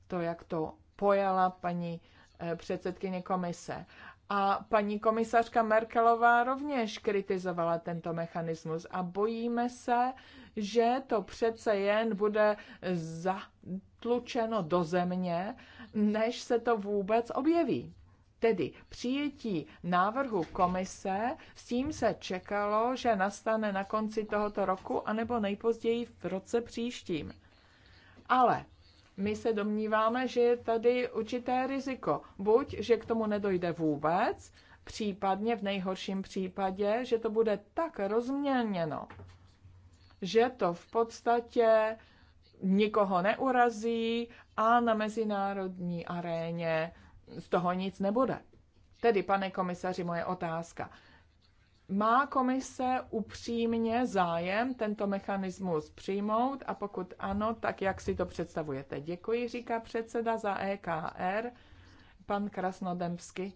To, jak to pojala paní eh, předsedkyně komise. A paní komisařka Merkelová rovněž kritizovala tento mechanismus a bojíme se, že to přece jen bude zatlučeno do země, než se to vůbec objeví. Tedy přijetí návrhu komise, s tím se čekalo, že nastane na konci tohoto roku anebo nejpozději v roce příštím. Ale my se domníváme, že je tady určité riziko. Buď, že k tomu nedojde vůbec, případně v nejhorším případě, že to bude tak rozmělněno, že to v podstatě nikoho neurazí a na mezinárodní aréně z toho nic nebude. Tedy, pane komisaři, moje otázka. Má komise upřímně zájem tento mechanismus přijmout a pokud ano, tak jak si to představujete? Děkuji, říká předseda za EKR, pan Krasnodemsky,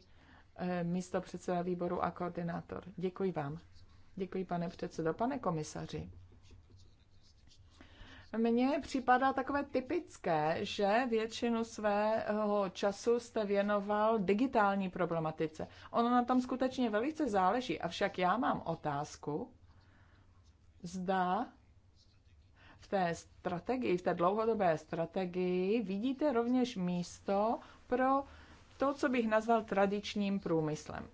eh, místo předseda výboru a koordinátor. Děkuji vám. Děkuji, pane předsedo. Pane komisaři, mně připadá takové typické, že většinu svého času jste věnoval digitální problematice. Ono na tom skutečně velice záleží, avšak já mám otázku, zda v té strategii, v té dlouhodobé strategii vidíte rovněž místo pro to, co bych nazval tradičním průmyslem.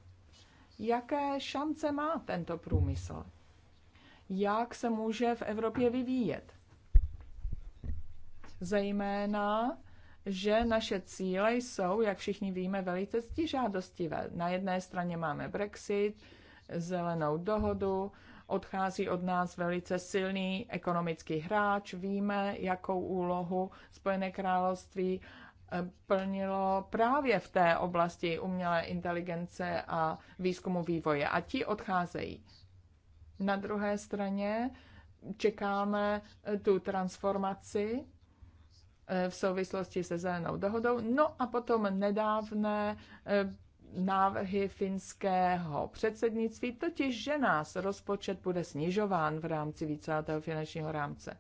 Jaké šance má tento průmysl? Jak se může v Evropě vyvíjet? Zejména, že naše cíle jsou, jak všichni víme, velice žádostivé. Na jedné straně máme Brexit, zelenou dohodu, odchází od nás velice silný ekonomický hráč. Víme, jakou úlohu Spojené království eh, plnilo právě v té oblasti umělé inteligence a výzkumu vývoje. A ti odcházejí. Na druhé straně čekáme eh, tu transformaci v souvislosti se zelenou dohodou. No a potom nedávné eh, návrhy finského předsednictví, totiž že nás rozpočet bude snižován v rámci víceletého finančního rámce.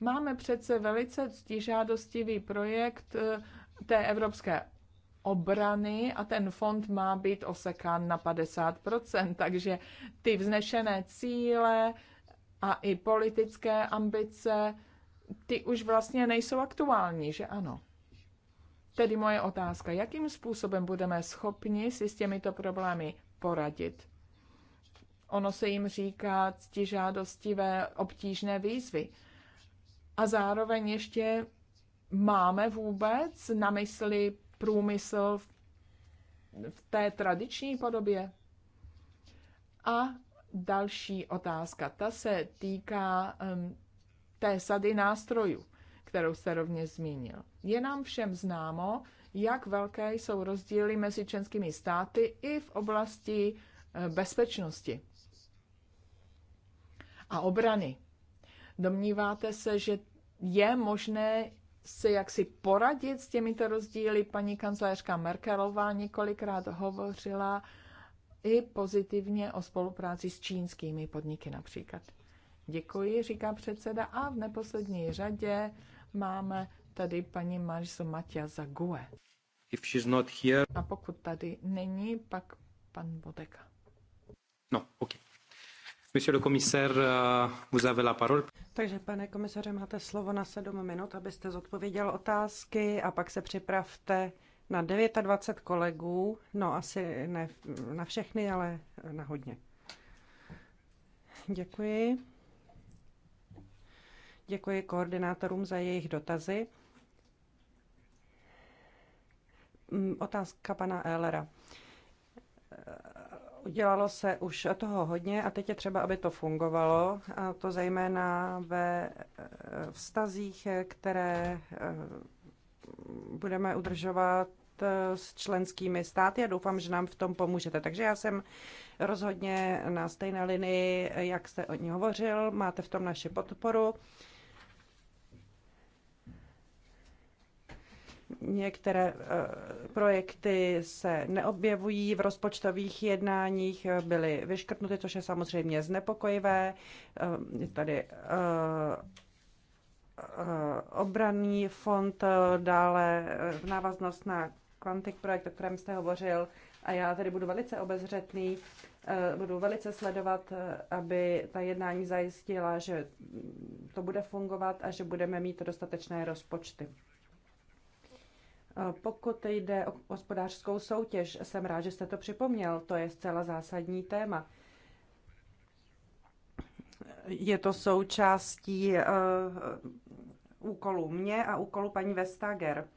Máme přece velice ctižádostivý projekt eh, té evropské obrany a ten fond má být osekán na 50%, takže ty vznešené cíle a i politické ambice ty už vlastně nejsou aktuální, že ano? Tedy moje otázka, jakým způsobem budeme schopni si s těmito problémy poradit? Ono se jim říká ctižádostivé obtížné výzvy. A zároveň ještě máme vůbec na mysli průmysl v té tradiční podobě? A další otázka, ta se týká um, té sady nástrojů, kterou jste rovně zmínil. Je nám všem známo, jak velké jsou rozdíly mezi členskými státy i v oblasti eh, bezpečnosti a obrany. Domníváte se, že je možné se jaksi poradit s těmito rozdíly? Paní kancelářka Merkelová několikrát hovořila i pozitivně o spolupráci s čínskými podniky například. Děkuji, říká předseda. A v neposlední řadě máme tady paní Mariso Matia Zague. If she's not here... A pokud tady není, pak pan Bodeka. No, OK. Monsieur le commissaire, uh, vous avez la parole. Takže, pane komisaře, máte slovo na sedm minut, abyste zodpověděl otázky a pak se připravte na 29 kolegů, no asi ne na všechny, ale na hodně. Děkuji. Děkuji koordinátorům za jejich dotazy. Mm, otázka pana Ehlera. Udělalo se už toho hodně a teď je třeba, aby to fungovalo, a to zejména ve eh, vztazích, které eh, budeme udržovat eh, s členskými státy a doufám, že nám v tom pomůžete. Takže já jsem rozhodně na stejné linii, jak jste o ní hovořil, máte v tom naši podporu Některé eh, projekty se neobjevují v rozpočtových jednáních, byly vyškrtnuty, což je samozřejmě znepokojivé. Eh, tady eh, obranný fond, dále v návaznost na Quantic projekt, o kterém jste hovořil, a já tady budu velice obezřetný, budu velice sledovat, aby ta jednání zajistila, že to bude fungovat a že budeme mít dostatečné rozpočty. Pokud jde o hospodářskou soutěž, jsem rád, že jste to připomněl, to je zcela zásadní téma. Je to součástí eh, úkolu mě a úkolu paní Vestager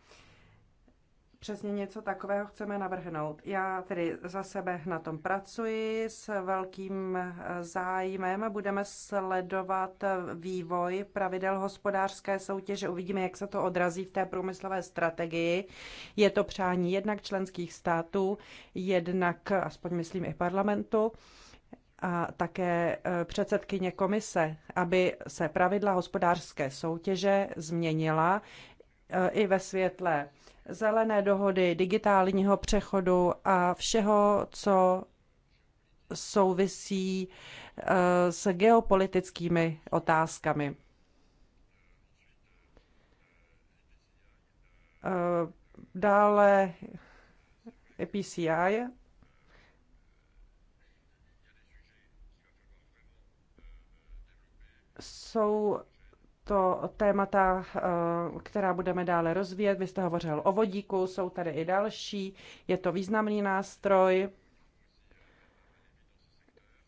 přesně něco takového chceme navrhnout. Já tedy za sebe na tom pracuji s velkým eh, zájmem. Budeme sledovat eh, vývoj pravidel hospodářské soutěže. Uvidíme, jak se to odrazí v té průmyslové strategii. Je to přání jednak členských států, jednak, aspoň myslím, i parlamentu a také eh, předsedkyně komise, aby se pravidla hospodářské soutěže změnila Eh, i ve světle zelené dohody, digitálního přechodu a všeho, co souvisí eh, s geopolitickými otázkami. Eh, dále PCI. Jsou to témata, eh, která budeme dále rozvíjet. Vy jste hovořil o vodíku, jsou tady i další. Je to významný nástroj.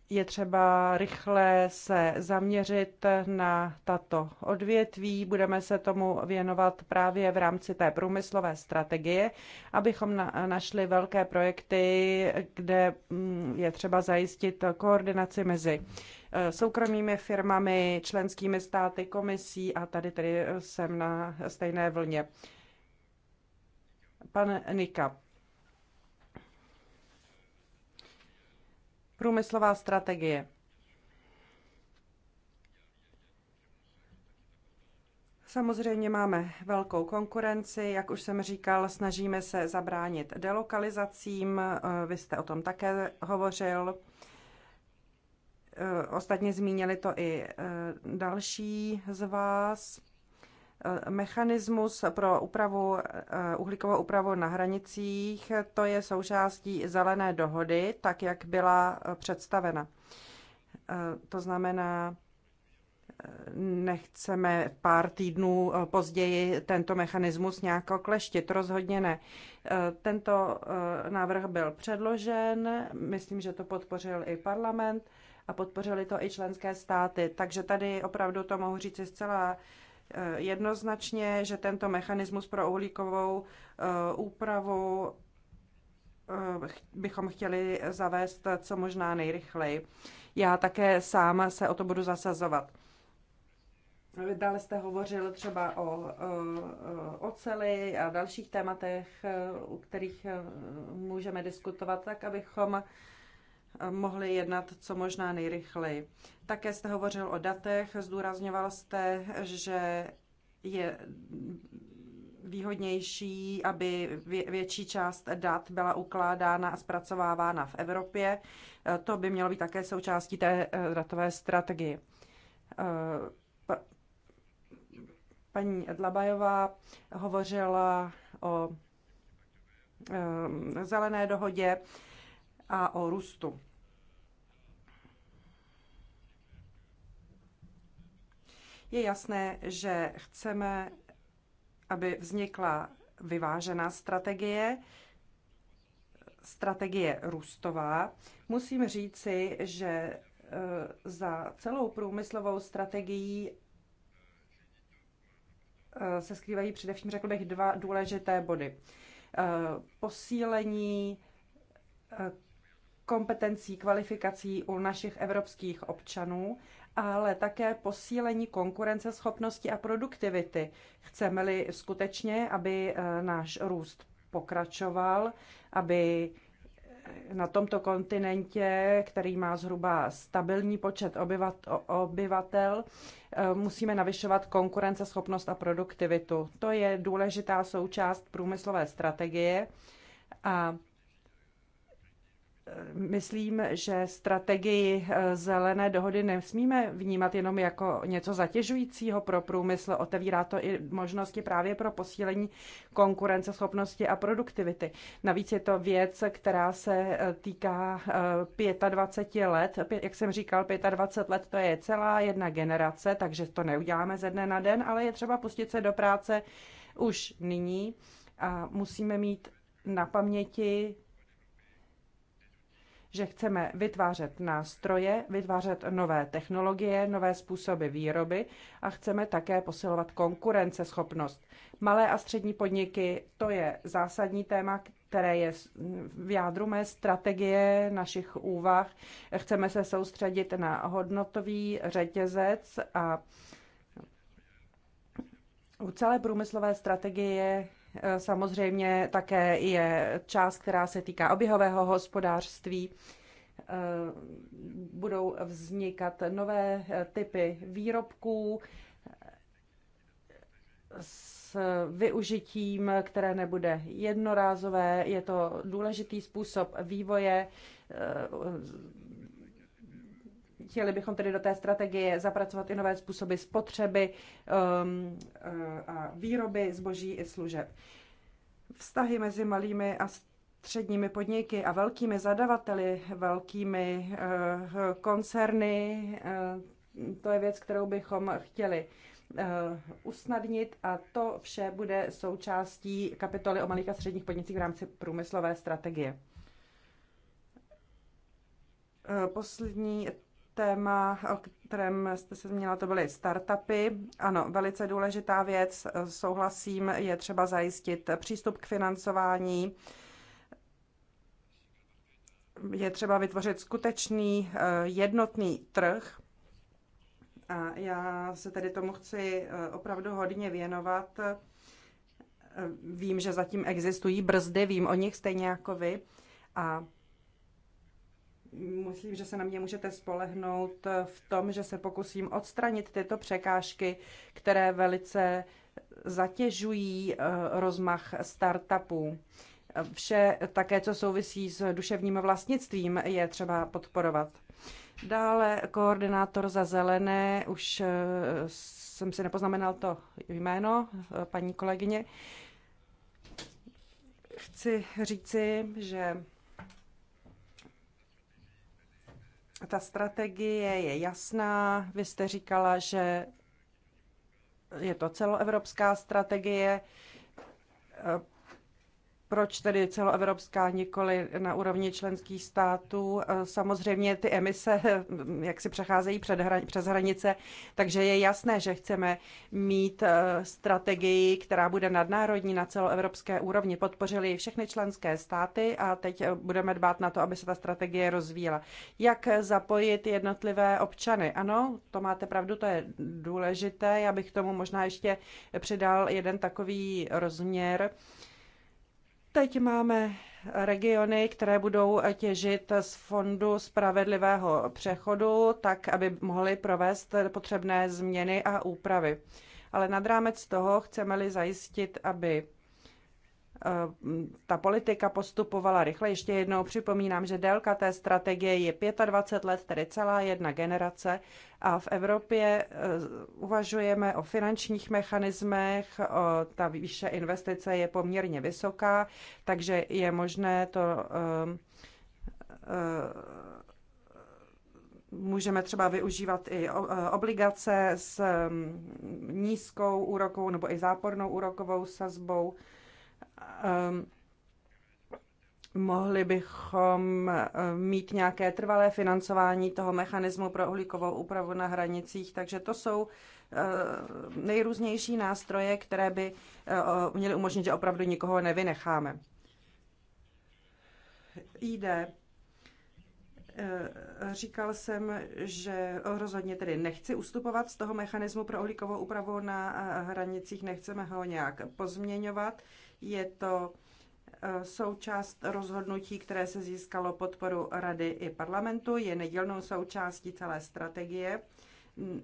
Je třeba rychle se zaměřit na tato odvětví. Budeme se tomu věnovat právě v rámci té průmyslové strategie, abychom našli velké projekty, kde mm, je třeba zajistit koordinaci mezi Eh, soukromými firmami, členskými státy, komisí a tady tedy eh, jsem na stejné vlně. Pan Nika. Průmyslová strategie. Samozřejmě máme velkou konkurenci, jak už jsem říkal, snažíme se zabránit delokalizacím, eh, vy jste o tom také hovořil. Eh, ostatně zmínili to i eh, další z vás. Eh, mechanismus pro úpravu, uhlíkovou úpravu na hranicích, to je součástí zelené dohody, tak jak byla představena. To znamená, nechceme pár týdnů později tento mechanismus nějak okleštit, rozhodně ne. Tento návrh byl předložen, myslím, že to podpořil i parlament a podpořili to i členské státy. Takže tady opravdu to mohu je zcela eh, jednoznačně, že tento mechanismus pro uhlíkovou eh, úpravu eh, bychom chtěli zavést co možná nejrychleji. Já také sám se o to budu zasazovat. Dále jste hovořil třeba o oceli a dalších tématech, u kterých můžeme diskutovat tak, abychom mohli jednat co možná nejrychleji. Také jste hovořil o datech, zdůrazňoval jste, že je výhodnější, aby větší část dat byla ukládána a zpracovávána v Evropě. To by mělo být také součástí té eh, datové strategie. Eh, paní Dlabajová hovořila o eh, zelené dohodě a o růstu. Je jasné, že chceme, aby vznikla vyvážená strategie, strategie růstová. Musím říci, že e, za celou průmyslovou strategií e, se skrývají především, řekl bych, dva důležité body. E, posílení kompetencí, kvalifikací u našich evropských občanů, ale také posílení konkurenceschopnosti a produktivity. Chceme-li skutečně, aby eh, náš růst pokračoval, aby eh, na tomto kontinentě, který má zhruba stabilní počet obyvat, obyvatel, eh, musíme navyšovat konkurenceschopnost a produktivitu. To je důležitá součást průmyslové strategie a myslím, že strategii eh, zelené dohody nesmíme vnímat jenom jako něco zatěžujícího pro průmysl. Otevírá to i možnosti právě pro posílení konkurenceschopnosti a produktivity. Navíc je to věc, která se eh, týká 25 eh, let. Jak jsem říkal, 25 let to je celá jedna generace, takže to neuděláme ze dne na den, ale je třeba pustit se do práce už nyní a musíme mít na paměti že chceme vytvářet nástroje, vytvářet nové technologie, nové způsoby výroby a chceme také posilovat konkurenceschopnost. Malé a střední podniky, to je zásadní téma, které je v jádru mé strategie, našich úvah. Chceme se soustředit na hodnotový řetězec a u celé průmyslové strategie Eh, samozřejmě také je část, která se týká oběhového hospodářství. Eh, budou vznikat nové eh, typy výrobků s využitím, které nebude jednorázové. Je to důležitý způsob vývoje Chtěli bychom tedy do té strategie zapracovat i nové způsoby spotřeby um, eh, a výroby zboží i služeb. Vztahy mezi malými a středními podniky a velkými zadavateli, velkými uh, koncerny, uh, to je věc, kterou bychom chtěli usnadnit a to vše bude součástí kapitoly o malých a středních podnicích v rámci průmyslové strategie. Poslední téma, o kterém jste se zmínila, to byly startupy. Ano, velice důležitá věc, souhlasím, je třeba zajistit přístup k financování. Je třeba vytvořit skutečný eh, jednotný trh. A já se tedy tomu chci eh, opravdu hodně věnovat. Eh, vím, že zatím existují brzdy, vím o nich stejně jako vy. A Myslím, že se na mě můžete spolehnout v tom, že se pokusím odstranit tyto překážky, které velice zatěžují eh, rozmach startupů. Vše také, co souvisí s duševním vlastnictvím, je třeba podporovat. Dále koordinátor za zelené, už eh, jsem si nepoznamenal to jméno, eh, paní kolegyně. Chci říci, že Ta strategie je jasná. Vy jste říkala, že je to celoevropská strategie proč tedy celoevropská, nikoli na úrovni členských států. Eh, samozřejmě ty emise hm, jak si přecházejí před hran- přes hranice, takže je jasné, že chceme mít eh, strategii, která bude nadnárodní na celoevropské úrovni. Podpořili ji všechny členské státy a teď eh, budeme dbát na to, aby se ta strategie rozvíjela. Jak zapojit jednotlivé občany? Ano, to máte pravdu, to je důležité. Já bych tomu možná ještě přidal jeden takový rozměr Teď máme regiony, které budou těžit z fondu spravedlivého přechodu, tak aby mohly provést potřebné změny a úpravy. Ale nad rámec toho chceme-li zajistit, aby Eh, ta politika postupovala rychle. Ještě jednou připomínám, že délka té strategie je 25 let, tedy celá jedna generace. A v Evropě eh, uvažujeme o finančních mechanismech, ta výše investice je poměrně vysoká, takže je možné to eh, Můžeme třeba využívat i obligace s mm, nízkou úrokovou nebo i zápornou úrokovou sazbou. Ehm, mohli bychom ehm, mít nějaké trvalé financování toho mechanismu pro uhlíkovou úpravu na hranicích. Takže to jsou ehm, nejrůznější nástroje, které by eh, měly umožnit, že opravdu nikoho nevynecháme. Jde. Eh, říkal jsem, že rozhodně tedy nechci ustupovat z toho mechanismu pro uhlíkovou úpravu na eh, hranicích, nechceme ho nějak pozměňovat je to e, součást rozhodnutí, které se získalo podporu Rady i parlamentu, je nedělnou součástí celé strategie.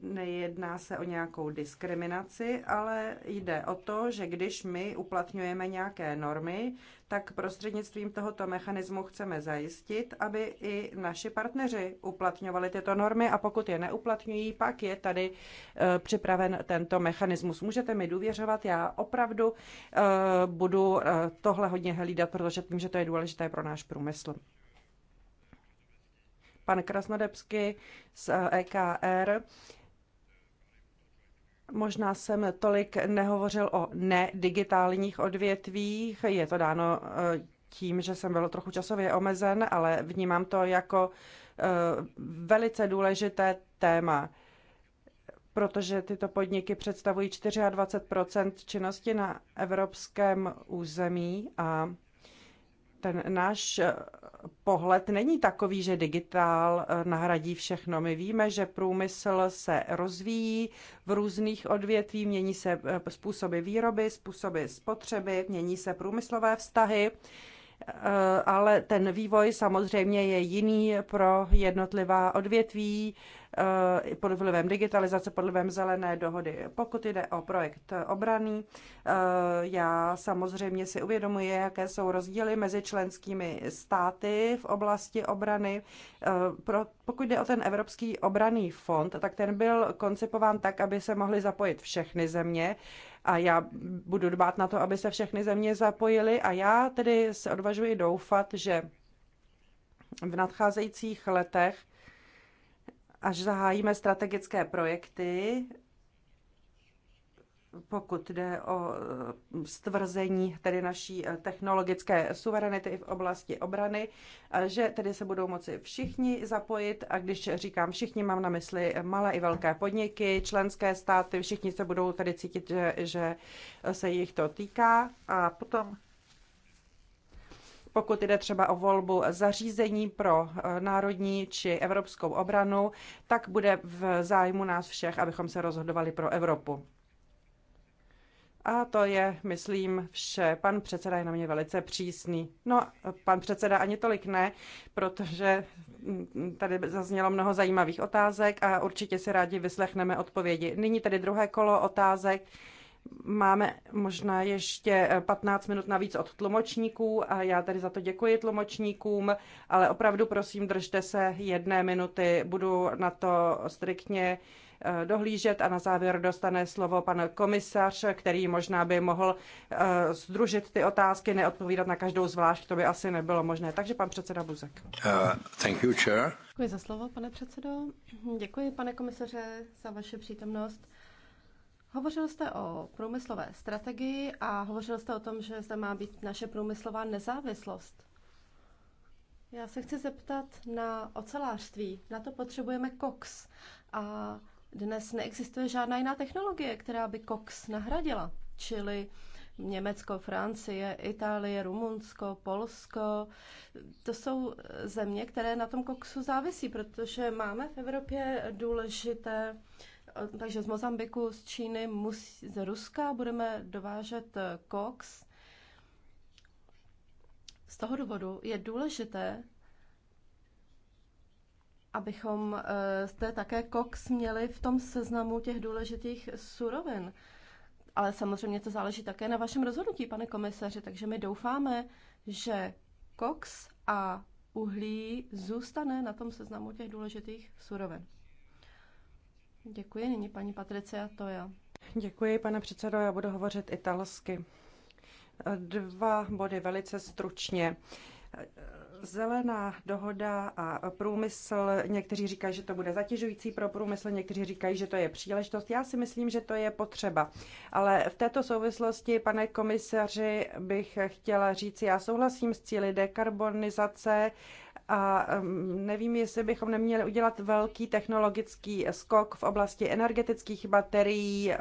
Nejedná se o nějakou diskriminaci, ale jde o to, že když my uplatňujeme nějaké normy, tak prostřednictvím tohoto mechanismu chceme zajistit, aby i naši partneři uplatňovali tyto normy a pokud je neuplatňují, pak je tady e, připraven tento mechanismus. Můžete mi důvěřovat, já opravdu e, budu e, tohle hodně hlídat, protože tím, že to je důležité pro náš průmysl pan Krasnodebsky z EKR. Eh, e Možná jsem tolik nehovořil o nedigitálních odvětvích, je to dáno eh, tím, že jsem byl trochu časově omezen, ale vnímám to jako eh, velice důležité téma, protože tyto podniky představují 24 činnosti na evropském území a ten náš pohled není takový, že digitál eh, nahradí všechno. My víme, že průmysl se rozvíjí v různých odvětví, mění se eh, způsoby výroby, způsoby spotřeby, mění se průmyslové vztahy. Eh, ale ten vývoj samozřejmě je jiný pro jednotlivá odvětví eh, pod vlivem digitalizace, pod vlivem zelené dohody. Pokud jde o projekt obrany, eh, já samozřejmě si uvědomuji, jaké jsou rozdíly mezi členskými státy v oblasti obrany. Pokud jde o ten Evropský obraný fond, tak ten byl koncipován tak, aby se mohly zapojit všechny země a já budu dbát na to, aby se všechny země zapojily a já tedy se odvažuji doufat, že v nadcházejících letech, až zahájíme strategické projekty, pokud jde o eh, stvrzení tedy naší eh, technologické suverenity v oblasti obrany, eh, že tedy se budou moci všichni zapojit a když říkám všichni, mám na mysli malé i velké podniky, členské státy, všichni se budou tedy cítit, že, že se jich to týká a potom pokud jde třeba o volbu zařízení pro národní či evropskou obranu, tak bude v zájmu nás všech, abychom se rozhodovali pro Evropu. A to je, myslím, vše. Pan předseda je na mě velice přísný. No, pan předseda ani tolik ne, protože tady zaznělo mnoho zajímavých otázek a určitě si rádi vyslechneme odpovědi. Nyní tedy druhé kolo otázek. Máme možná ještě 15 minut navíc od tlumočníků a já tady za to děkuji tlumočníkům, ale opravdu prosím, držte se jedné minuty, budu na to striktně Eh, dohlížet a na závěr dostane slovo pan komisař, který možná by mohl eh, združit ty otázky, neodpovídat na každou zvlášť, to by asi nebylo možné. Takže pan předseda Buzek. Uh, thank you, chair. Děkuji za slovo, pane předsedo. Děkuji, pane komisaře, za vaši přítomnost. Hovořil jste o průmyslové strategii a hovořil jste o tom, že zde má být naše průmyslová nezávislost. Já se chci zeptat na ocelářství. Na to potřebujeme koks. A dnes neexistuje žádná jiná technologie, která by COX nahradila, čili Německo, Francie, Itálie, Rumunsko, Polsko. To jsou země, které na tom koksu závisí, protože máme v Evropě důležité, takže z Mozambiku, z Číny, musí, z Ruska budeme dovážet koks. Z toho důvodu je důležité, abychom zde eh, také koks měli v tom seznamu těch důležitých surovin. Ale samozřejmě to záleží také na vašem rozhodnutí, pane komisaři, takže my doufáme, že koks a uhlí zůstane na tom seznamu těch důležitých surovin. Děkuji, nyní paní Patricia Toja. Děkuji, pane předsedo, já budu hovořit italsky. Dva body velice stručně. Uh, Zelená dohoda a průmysl, někteří říkají, že to bude zatěžující pro průmysl, někteří říkají, že to je příležitost. Já si myslím, že to je potřeba. Ale v této souvislosti, pane komisaři, bych chtěla říct, já souhlasím s cíly dekarbonizace, a mm, nevím, jestli bychom neměli udělat velký technologický skok v oblasti energetických baterií, eh,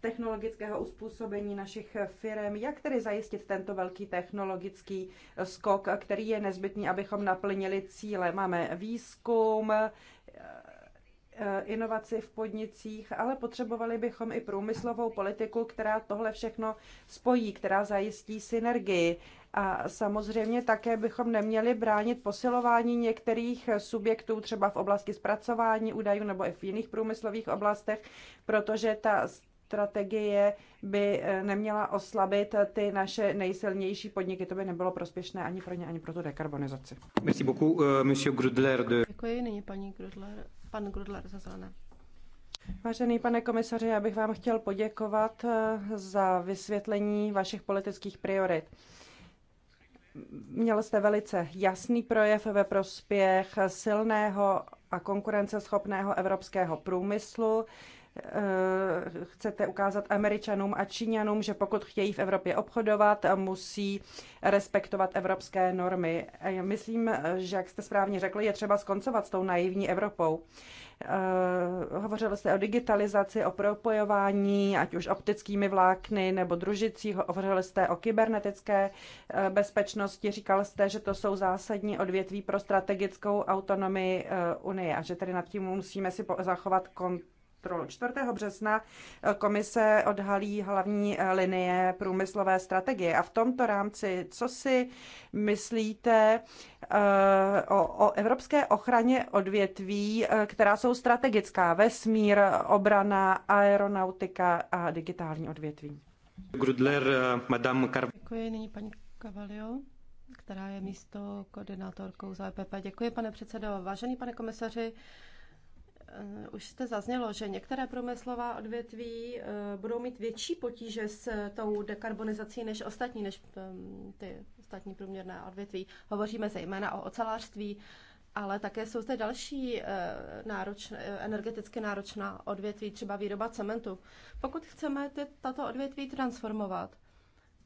technologického uspůsobení našich firm, jak tedy zajistit tento velký technologický skok, který je nezbytný, abychom naplnili cíle. Máme výzkum, eh, inovaci v podnicích, ale potřebovali bychom i průmyslovou politiku, která tohle všechno spojí, která zajistí synergii. A samozřejmě také bychom neměli bránit posilování některých subjektů, třeba v oblasti zpracování údajů nebo i v jiných průmyslových oblastech, protože ta strategie by eh, neměla oslabit eh, ty naše nejsilnější podniky. To by nebylo prospěšné ani pro ně, ani pro tu dekarbonizaci. Merci beaucoup, uh, monsieur Grudler. De... Děkuji, nyní paní Grudler, pan Grudler za zelené. Vážený pane komisaři, já bych vám chtěl poděkovat za vysvětlení vašich politických priorit. Měl jste velice jasný projev ve prospěch silného a konkurenceschopného evropského průmyslu. Eh, chcete ukázat Američanům a Číňanům, že pokud chtějí v Evropě obchodovat, musí respektovat evropské normy. Myslím, že jak jste správně řekli, je třeba skoncovat s tou naivní Evropou. Eh, hovořili jste o digitalizaci, o propojování, ať už optickými vlákny nebo družicí, hovořili jste o kybernetické eh, bezpečnosti, říkal jste, že to jsou zásadní odvětví pro strategickou autonomii Unie a že tedy nad tím musíme si zachovat kontrolu kontrolu. 4. března komise odhalí hlavní eh, linie průmyslové strategie. A v tomto rámci, co si myslíte eh, o, o evropské ochraně odvětví, eh, která jsou strategická? Vesmír, obrana, aeronautika a digitální odvětví. Grudler, Madame Car- Děkuji, nyní paní Cavalio která je místo koordinátorkou za EPP. Děkuji, pane předsedo. Vážený pane komisaři, Eh, už jste zaznělo, že některé průmyslová odvětví eh, budou mít větší potíže s tou dekarbonizací než ostatní, než ehm, ty ostatní průměrné odvětví. Hovoříme zejména o ocelářství, ale také jsou zde další eh, náročné, energeticky náročná odvětví, třeba výroba cementu. Pokud chceme ty, tato odvětví transformovat,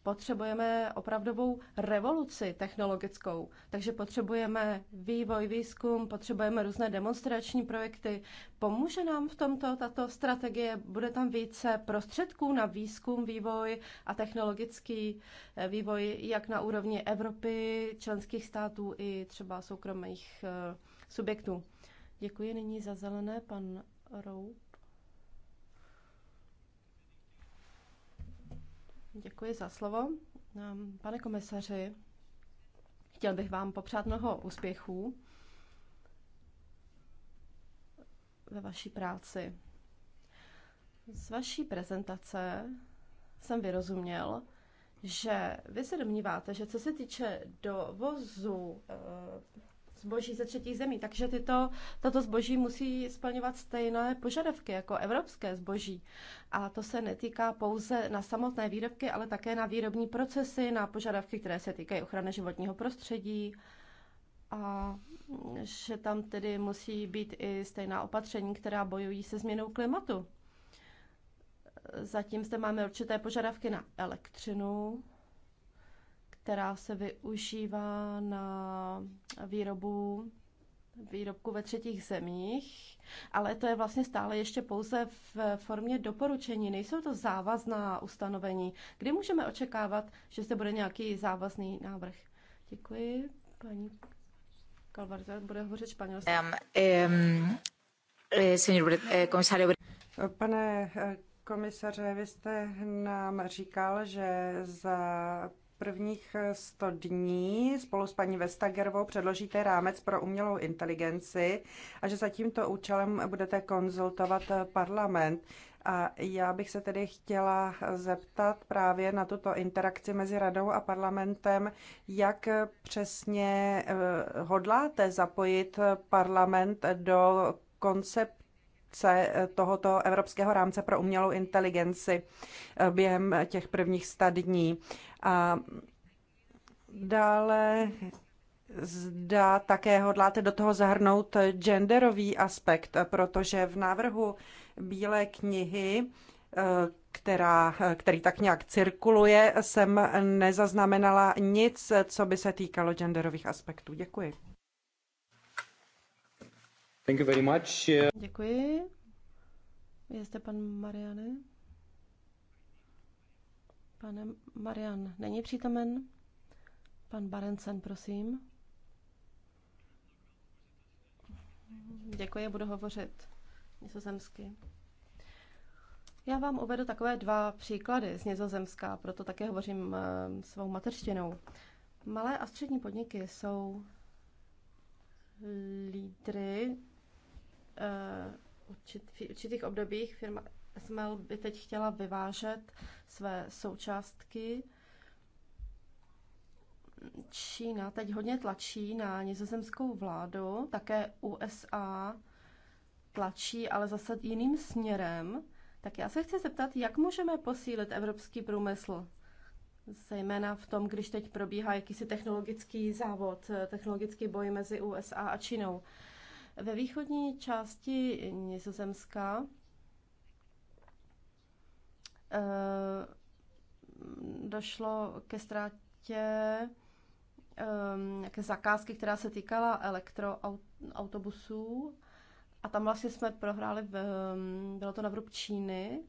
potřebujeme opravdovou revoluci technologickou. Takže potřebujeme vývoj, výzkum, potřebujeme různé demonstrační projekty. Pomůže nám v tomto tato strategie? Bude tam více prostředků na výzkum, vývoj a technologický eh, vývoj, jak na úrovni Evropy, členských států i třeba soukromých eh, subjektů. Děkuji nyní za zelené, pan Rou. Děkuji za slovo. Ehm, pane komisaři, chtěl bych vám popřát mnoho úspěchů ve vaší práci. Z vaší prezentace jsem vyrozuměl, že vy se domníváte, že co se týče dovozu ehm, zboží ze třetích zemí, takže tyto, toto zboží musí splňovat stejné požadavky jako evropské zboží. A to se netýká pouze na samotné výrobky, ale také na výrobní procesy, na požadavky, které se týkají ochrany životního prostředí a že tam tedy musí být i stejná opatření, která bojují se změnou klimatu. Zatím zde máme určité požadavky na elektřinu, která se využívá na výrobu výrobku ve třetích zemích, ale to je vlastně stále ještě pouze v formě doporučení, nejsou to závazná ustanovení. Kdy můžeme očekávat, že se bude nějaký závazný návrh? Děkuji, paní Kalvarza, bude hovořit španělsky. Um, um, Pane eh, komisaře, vy jste nám říkal, že za prvních 100 eh, dní spolu s paní Vestagerovou předložíte rámec pro umělou inteligenci a že za tímto účelem budete konzultovat eh, parlament. A já bych se tedy chtěla zeptat právě na tuto interakci mezi radou a parlamentem, jak eh, přesně hodláte zapojit parlament do konceptu tohoto evropského rámce pro umělou inteligenci během těch prvních sta dní. A dále zda také hodláte do toho zahrnout genderový aspekt, protože v návrhu Bílé knihy eh, která, který tak nějak cirkuluje, jsem nezaznamenala nic, co by se týkalo genderových aspektů. Děkuji. Thank you very much. Děkuji. Je pan Mariany? Pane Marian není přítomen. Pan Barencen, prosím. Děkuji, budu hovořit nizozemsky. Já vám uvedu takové dva příklady z Nizozemska, proto také hovořím eh, svou mateřštinou. Malé a střední podniky jsou lídry eh, v určitých obdobích. Firma Smel by teď chtěla vyvážet své součástky. Čína teď hodně tlačí na nizozemskou vládu, také USA tlačí, ale zase jiným směrem. Tak já se chci zeptat, jak můžeme posílit evropský průmysl? Zejména v tom, když teď probíhá jakýsi technologický závod, technologický boj mezi USA a Čínou. Ve východní části Nizozemska Eh, došlo ke ztrátě nějaké eh, zakázky, která se týkala elektroautobusů a tam vlastně jsme prohráli, v, eh, bylo to na vrub Číny,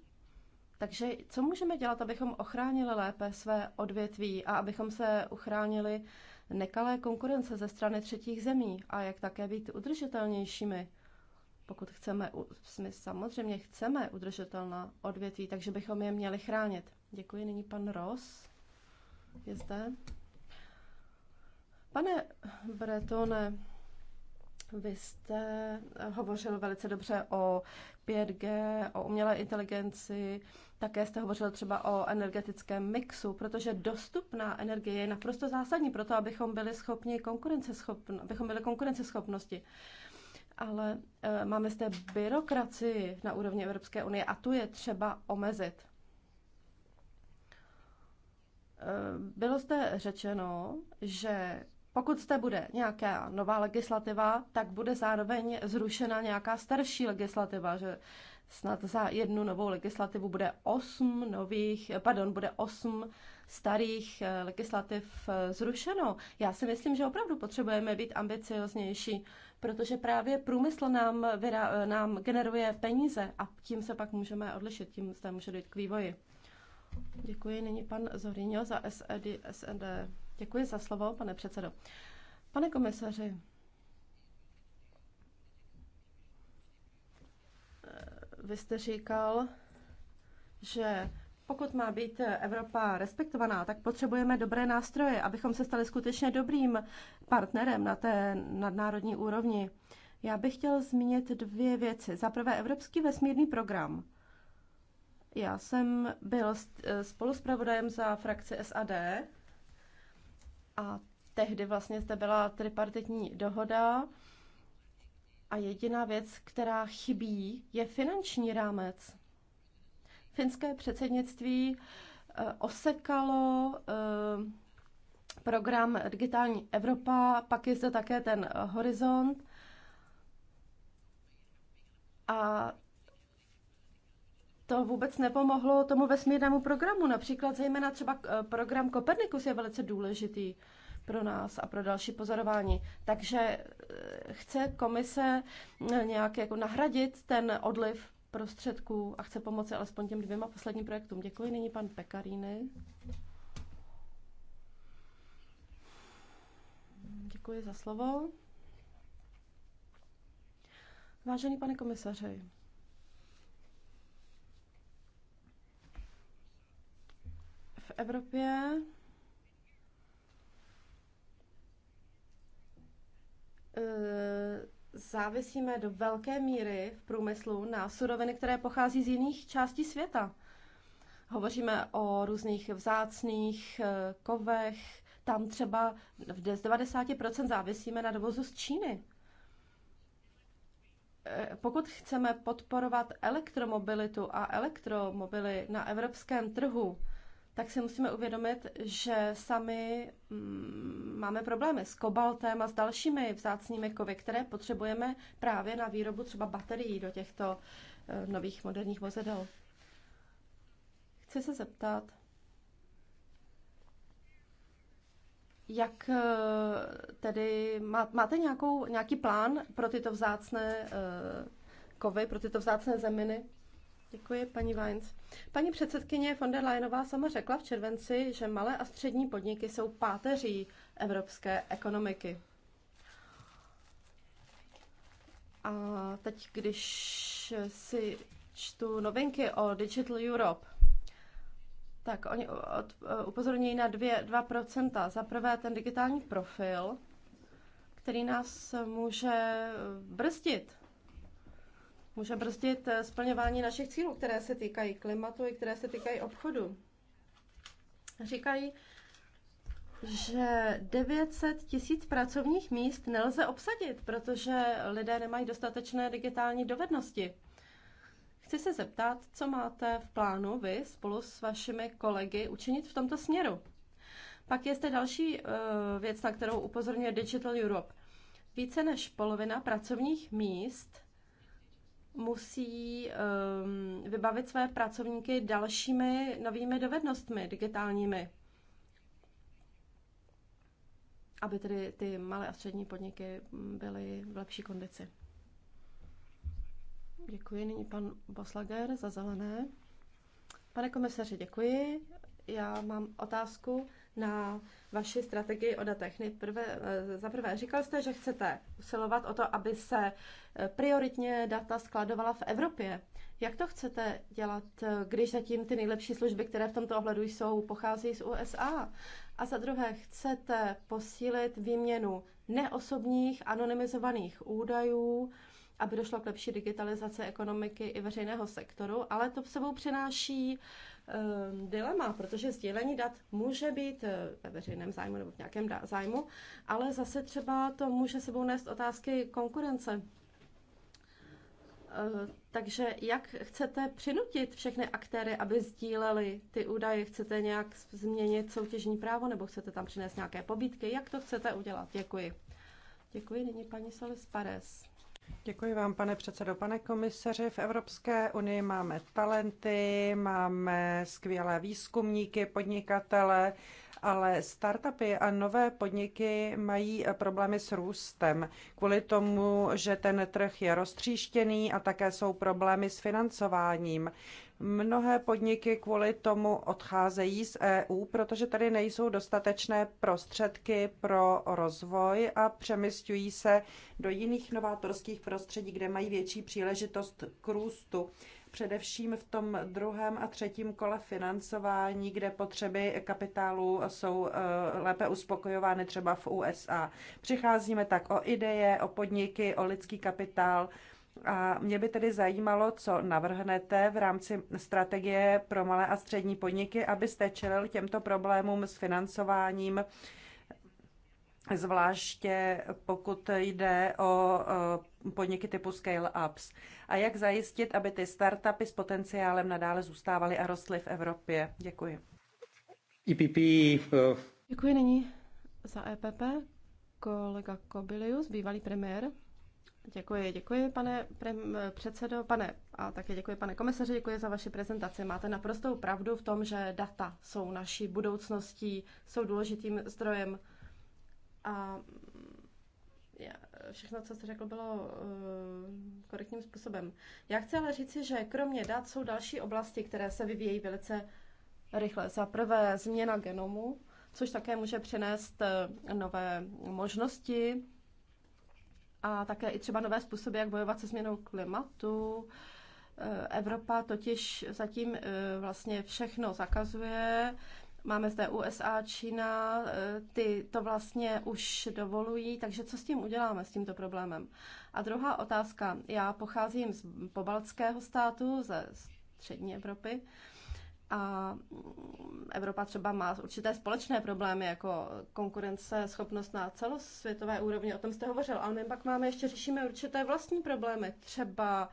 takže co můžeme dělat, abychom ochránili lépe své odvětví a abychom se uchránili nekalé konkurence ze strany třetích zemí a jak také být udržitelnějšími? pokud chceme, my samozřejmě chceme udržitelná odvětví, takže bychom je měli chránit. Děkuji, nyní pan Ross je zde. Pane Bretone, vy jste hovořil velice dobře o 5G, o umělé inteligenci, také jste hovořil třeba o energetickém mixu, protože dostupná energie je naprosto zásadní pro to, abychom byli schopni konkurenceschopn- abychom byli konkurenceschopnosti ale eh, máme té byrokracii na úrovni Evropské unie a tu je třeba omezit. Eh, bylo zde řečeno, že pokud zde bude nějaká nová legislativa, tak bude zároveň zrušena nějaká starší legislativa, že snad za jednu novou legislativu bude osm nových, pardon, bude osm starých eh, legislativ zrušeno. Já si myslím, že opravdu potřebujeme být ambicioznější protože právě průmysl nám, vyra, nám generuje peníze a tím se pak můžeme odlišit, tím se může dojít k vývoji. Děkuji, nyní pan Zorino za SED, SND. Děkuji za slovo, pane předsedo. Pane komisaři, vy jste říkal, že pokud má být Evropa respektovaná, tak potřebujeme dobré nástroje, abychom se stali skutečně dobrým partnerem na té nadnárodní úrovni. Já bych chtěl zmínit dvě věci. Za prvé Evropský vesmírný program. Já jsem byl eh, spoluspravodajem za frakci SAD a tehdy vlastně zde byla tripartitní dohoda a jediná věc, která chybí, je finanční rámec finské předsednictví eh, osekalo eh, program Digitální Evropa, pak je zde také ten eh, Horizont. A to vůbec nepomohlo tomu vesmírnému programu. Například zejména třeba program Kopernikus je velice důležitý pro nás a pro další pozorování. Takže chce komise nějak jako nahradit ten odliv prostředků a chce pomoci alespoň těm dvěma posledním projektům. Děkuji. Nyní pan Pekaríny. Děkuji za slovo. Vážený pane komisaři, v Evropě závisíme do velké míry v průmyslu na suroviny, které pochází z jiných částí světa. Hovoříme o různých vzácných eh, kovech, tam třeba z 90% závisíme na dovozu z Číny. Eh, pokud chceme podporovat elektromobilitu a elektromobily na evropském trhu, tak si musíme uvědomit, že sami mm, máme problémy s kobaltem a s dalšími vzácnými kovy, které potřebujeme právě na výrobu třeba baterií do těchto eh, nových moderních vozidel. Chci se zeptat, jak eh, tedy máte nějakou, nějaký plán pro tyto vzácné eh, kovy, pro tyto vzácné zeminy? Děkuji, paní Vines. Paní předsedkyně von der Leyenová sama řekla v červenci, že malé a střední podniky jsou páteří evropské ekonomiky. A teď, když si čtu novinky o Digital Europe, tak oni od, upozorňují na dvě, 2%. Za prvé ten digitální profil, který nás může brzdit může brzdit eh, splňování našich cílů, které se týkají klimatu i které se týkají obchodu. Říkají, že 900 tisíc pracovních míst nelze obsadit, protože lidé nemají dostatečné digitální dovednosti. Chci se zeptat, co máte v plánu vy spolu s vašimi kolegy učinit v tomto směru. Pak je zde další eh, věc, na kterou upozorňuje Digital Europe. Více než polovina pracovních míst musí um, vybavit své pracovníky dalšími novými dovednostmi digitálními, aby tedy ty malé a střední podniky byly v lepší kondici. Děkuji. Nyní pan Boslager za zelené. Pane komisaři, děkuji. Já mám otázku na vaši strategii o datech. Nejprve, eh, za prvé, říkal jste, že chcete usilovat o to, aby se eh, prioritně data skladovala v Evropě. Jak to chcete dělat, eh, když zatím ty nejlepší služby, které v tomto ohledu jsou, pochází z USA? A za druhé, chcete posílit výměnu neosobních anonymizovaných údajů, aby došlo k lepší digitalizaci ekonomiky i veřejného sektoru, ale to sebou přináší Ehm, dilema, protože sdílení dat může být eh, ve veřejném zájmu nebo v nějakém zájmu, ale zase třeba to může sebou nést otázky konkurence. Eh, takže jak chcete přinutit všechny aktéry, aby sdíleli ty údaje? Chcete nějak změnit soutěžní právo nebo chcete tam přinést nějaké pobídky? Jak to chcete udělat? Děkuji. Děkuji. Nyní paní Solis Pares. Děkuji vám, pane předsedo. Pane komisaři, v Evropské unii máme talenty, máme skvělé výzkumníky, podnikatele, ale startupy a nové podniky mají problémy s růstem kvůli tomu, že ten trh je roztříštěný a také jsou problémy s financováním. Mnohé podniky kvůli tomu odcházejí z EU, protože tady nejsou dostatečné prostředky pro rozvoj a přemysťují se do jiných novátorských prostředí, kde mají větší příležitost k růstu. Především v tom druhém a třetím kole financování, kde potřeby kapitálu jsou e, lépe uspokojovány třeba v USA. Přicházíme tak o ideje, o podniky, o lidský kapitál a mě by tedy zajímalo, co navrhnete v rámci strategie pro malé a střední podniky, abyste čelil těmto problémům s financováním, zvláště pokud jde o e, podniky typu scale-ups. A jak zajistit, aby ty startupy s potenciálem nadále zůstávaly a rostly v Evropě? Děkuji. EPP. E, Děkuji nyní za EPP kolega Kobilius, bývalý premiér Děkuji, děkuji, pane předsedo, pane a také děkuji, pane komisaři, děkuji za vaši prezentaci. Máte naprostou pravdu v tom, že data jsou naší budoucností, jsou důležitým zdrojem. A všechno, co jste řekl, bylo uh, korektním způsobem. Já chci ale říci, že kromě dat jsou další oblasti, které se vyvíjejí velice rychle. Za prvé změna genomu, což také může přinést uh, nové možnosti a také i třeba nové způsoby, jak bojovat se změnou klimatu. E, Evropa totiž zatím e, vlastně všechno zakazuje. Máme zde USA, Čína, e, ty to vlastně už dovolují, takže co s tím uděláme, s tímto problémem? A druhá otázka. Já pocházím z pobaltského státu, ze střední Evropy a Evropa třeba má určité společné problémy, jako konkurence, schopnost na celosvětové úrovni, o tom jste hovořil, ale my pak máme ještě řešíme určité vlastní problémy, třeba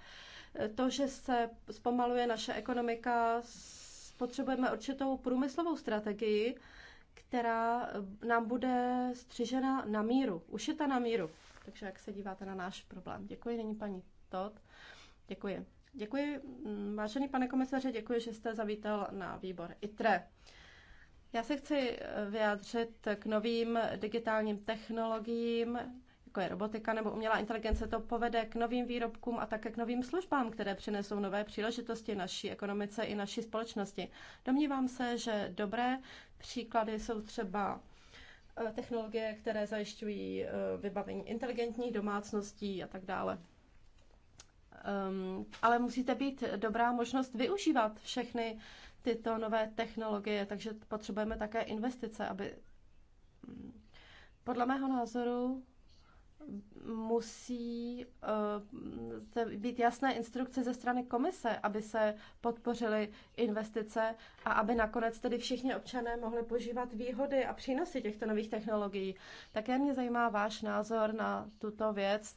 eh, to, že se zpomaluje naše ekonomika, potřebujeme určitou průmyslovou strategii, která eh, nám bude střižena na míru, ušita na míru. Takže jak se díváte na náš problém? Děkuji, není paní Todd. Děkuji. Děkuji, vážený pane komisaře, děkuji, že jste zavítal na výbor ITRE. Já se chci vyjádřit k novým digitálním technologiím, jako je robotika nebo umělá inteligence, to povede k novým výrobkům a také k novým službám, které přinesou nové příležitosti naší ekonomice i naší společnosti. Domnívám se, že dobré příklady jsou třeba eh, technologie, které zajišťují eh, vybavení inteligentních domácností a tak dále um, ale musíte být dobrá možnost využívat všechny tyto nové technologie, takže potřebujeme také investice, aby hmm. podle mého názoru musí uh, být jasné instrukce ze strany komise, aby se podpořily investice a aby nakonec tedy všichni občané mohli požívat výhody a přínosy těchto nových technologií. Také mě zajímá váš názor na tuto věc.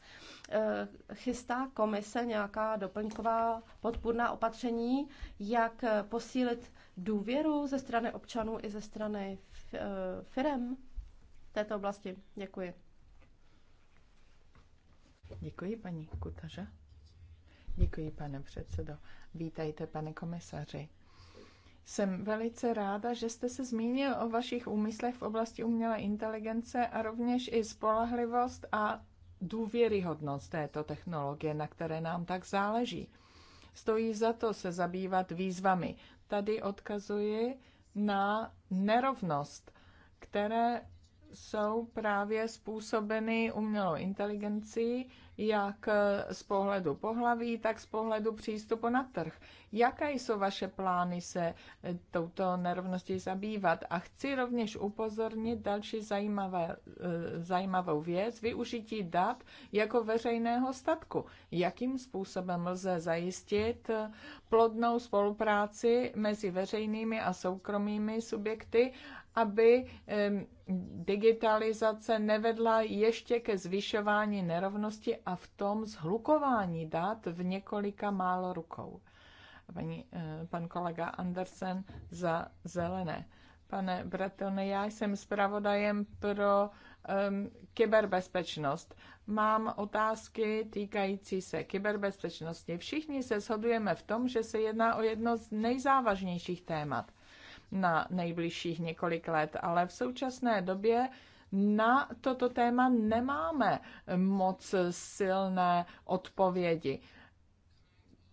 Uh, chystá komise nějaká doplňková podpůrná opatření, jak posílit důvěru ze strany občanů i ze strany eh, firem této oblasti? Děkuji. Děkuji, paní Kutaže. Děkuji, pane předsedo. Vítejte, pane komisaři. Jsem velice ráda, že jste se zmínil o vašich úmyslech v oblasti umělé inteligence a rovněž i spolehlivost a důvěryhodnost této technologie, na které nám tak záleží. Stojí za to se zabývat výzvami. Tady odkazuji na nerovnost, které jsou právě způsobeny umělou inteligencí, jak z pohledu pohlaví, tak z pohledu přístupu na trh. Jaké jsou vaše plány se eh, touto nerovností zabývat? A chci rovněž upozornit další zajímavé, eh, zajímavou věc, využití dat jako veřejného statku. Jakým způsobem lze zajistit eh, plodnou spolupráci mezi veřejnými a soukromými subjekty aby digitalizace nevedla ještě ke zvyšování nerovnosti a v tom zhlukování dát v několika málo rukou. Pani, eh, pan kolega Andersen za zelené. Pane Bratone, já jsem zpravodajem pro um, kyberbezpečnost. Mám otázky týkající se kyberbezpečnosti. Všichni se shodujeme v tom, že se jedná o jedno z nejzávažnějších témat na nejbližších několik let, ale v současné době na toto téma nemáme moc silné odpovědi.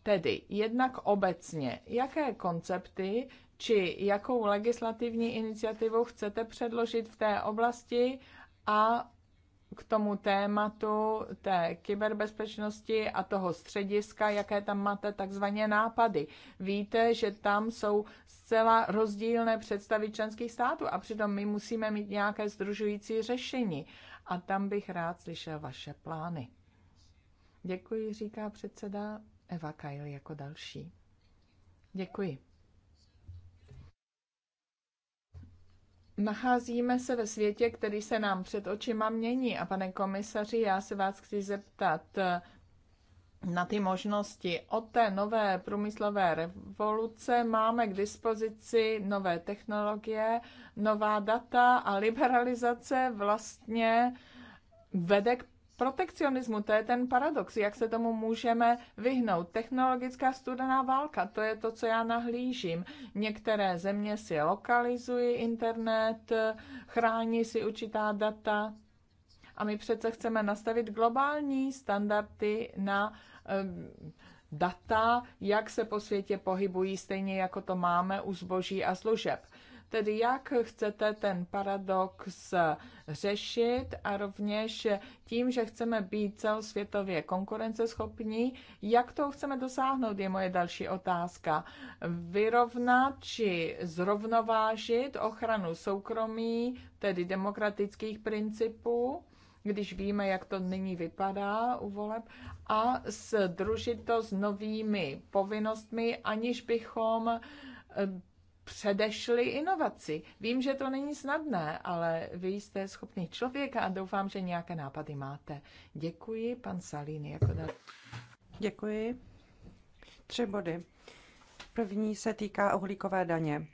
Tedy jednak obecně, jaké koncepty či jakou legislativní iniciativu chcete předložit v té oblasti a k tomu tématu té kyberbezpečnosti a toho střediska, jaké tam máte takzvané nápady. Víte, že tam jsou zcela rozdílné představy členských států a přitom my musíme mít nějaké združující řešení. A tam bych rád slyšel vaše plány. Děkuji, říká předseda Eva Kajl jako další. Děkuji. Nacházíme se ve světě, který se nám před očima mění. A pane komisaři, já se vás chci zeptat eh, na ty možnosti. Od té nové průmyslové revoluce máme k dispozici nové technologie, nová data a liberalizace vlastně vede k protekcionismu. To je ten paradox, jak se tomu můžeme vyhnout. Technologická studená válka, to je to, co já nahlížím. Některé země si lokalizují internet, chrání si určitá data. A my přece chceme nastavit globální standardy na data, jak se po světě pohybují, stejně jako to máme u zboží a služeb. Tedy jak chcete ten paradox řešit a rovněž tím, že chceme být celosvětově konkurenceschopní, jak to chceme dosáhnout, je moje další otázka. Vyrovnat či zrovnovážit ochranu soukromí, tedy demokratických principů, když víme, jak to nyní vypadá u voleb, a združit to s novými povinnostmi, aniž bychom předešli inovaci. Vím, že to není snadné, ale vy jste schopný člověk a doufám, že nějaké nápady máte. Děkuji, pan Salíny. Jako dal... Děkuji. Tři body. První se týká uhlíkové daně.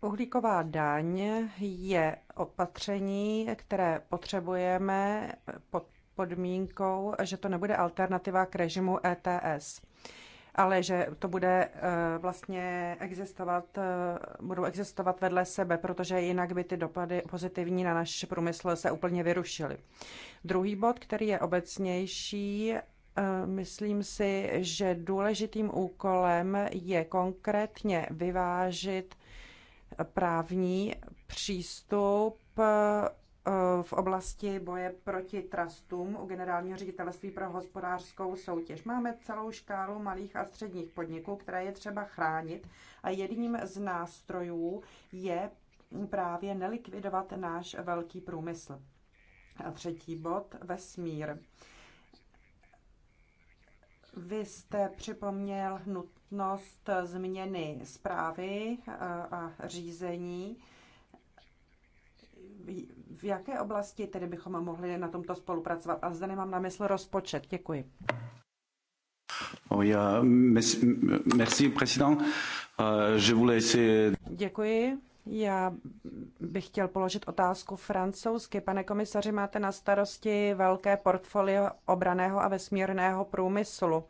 Uhlíková daň je opatření, které potřebujeme pod podmínkou, že to nebude alternativa k režimu ETS ale že to bude eh, vlastně existovat, eh, budou existovat vedle sebe, protože jinak by ty dopady pozitivní na náš průmysl se úplně vyrušily. Druhý bod, který je obecnější, eh, myslím si, že důležitým úkolem je konkrétně vyvážit právní přístup Eh, v oblasti boje proti trustům u generálního ředitelství pro hospodářskou soutěž. Máme celou škálu malých a středních podniků, které je třeba chránit a jedním z nástrojů je právě nelikvidovat náš velký průmysl. A třetí bod, vesmír. Vy jste připomněl nutnost změny zprávy eh, a řízení v jaké oblasti tedy bychom mohli na tomto spolupracovat? A zde nemám na mysli rozpočet. Děkuji. Oh, uh, merci, président. Uh, je voulais essayer... Děkuji. Já bych chtěl položit otázku francouzsky. Pane komisaři, máte na starosti velké portfolio obraného a vesmírného průmyslu. Uh,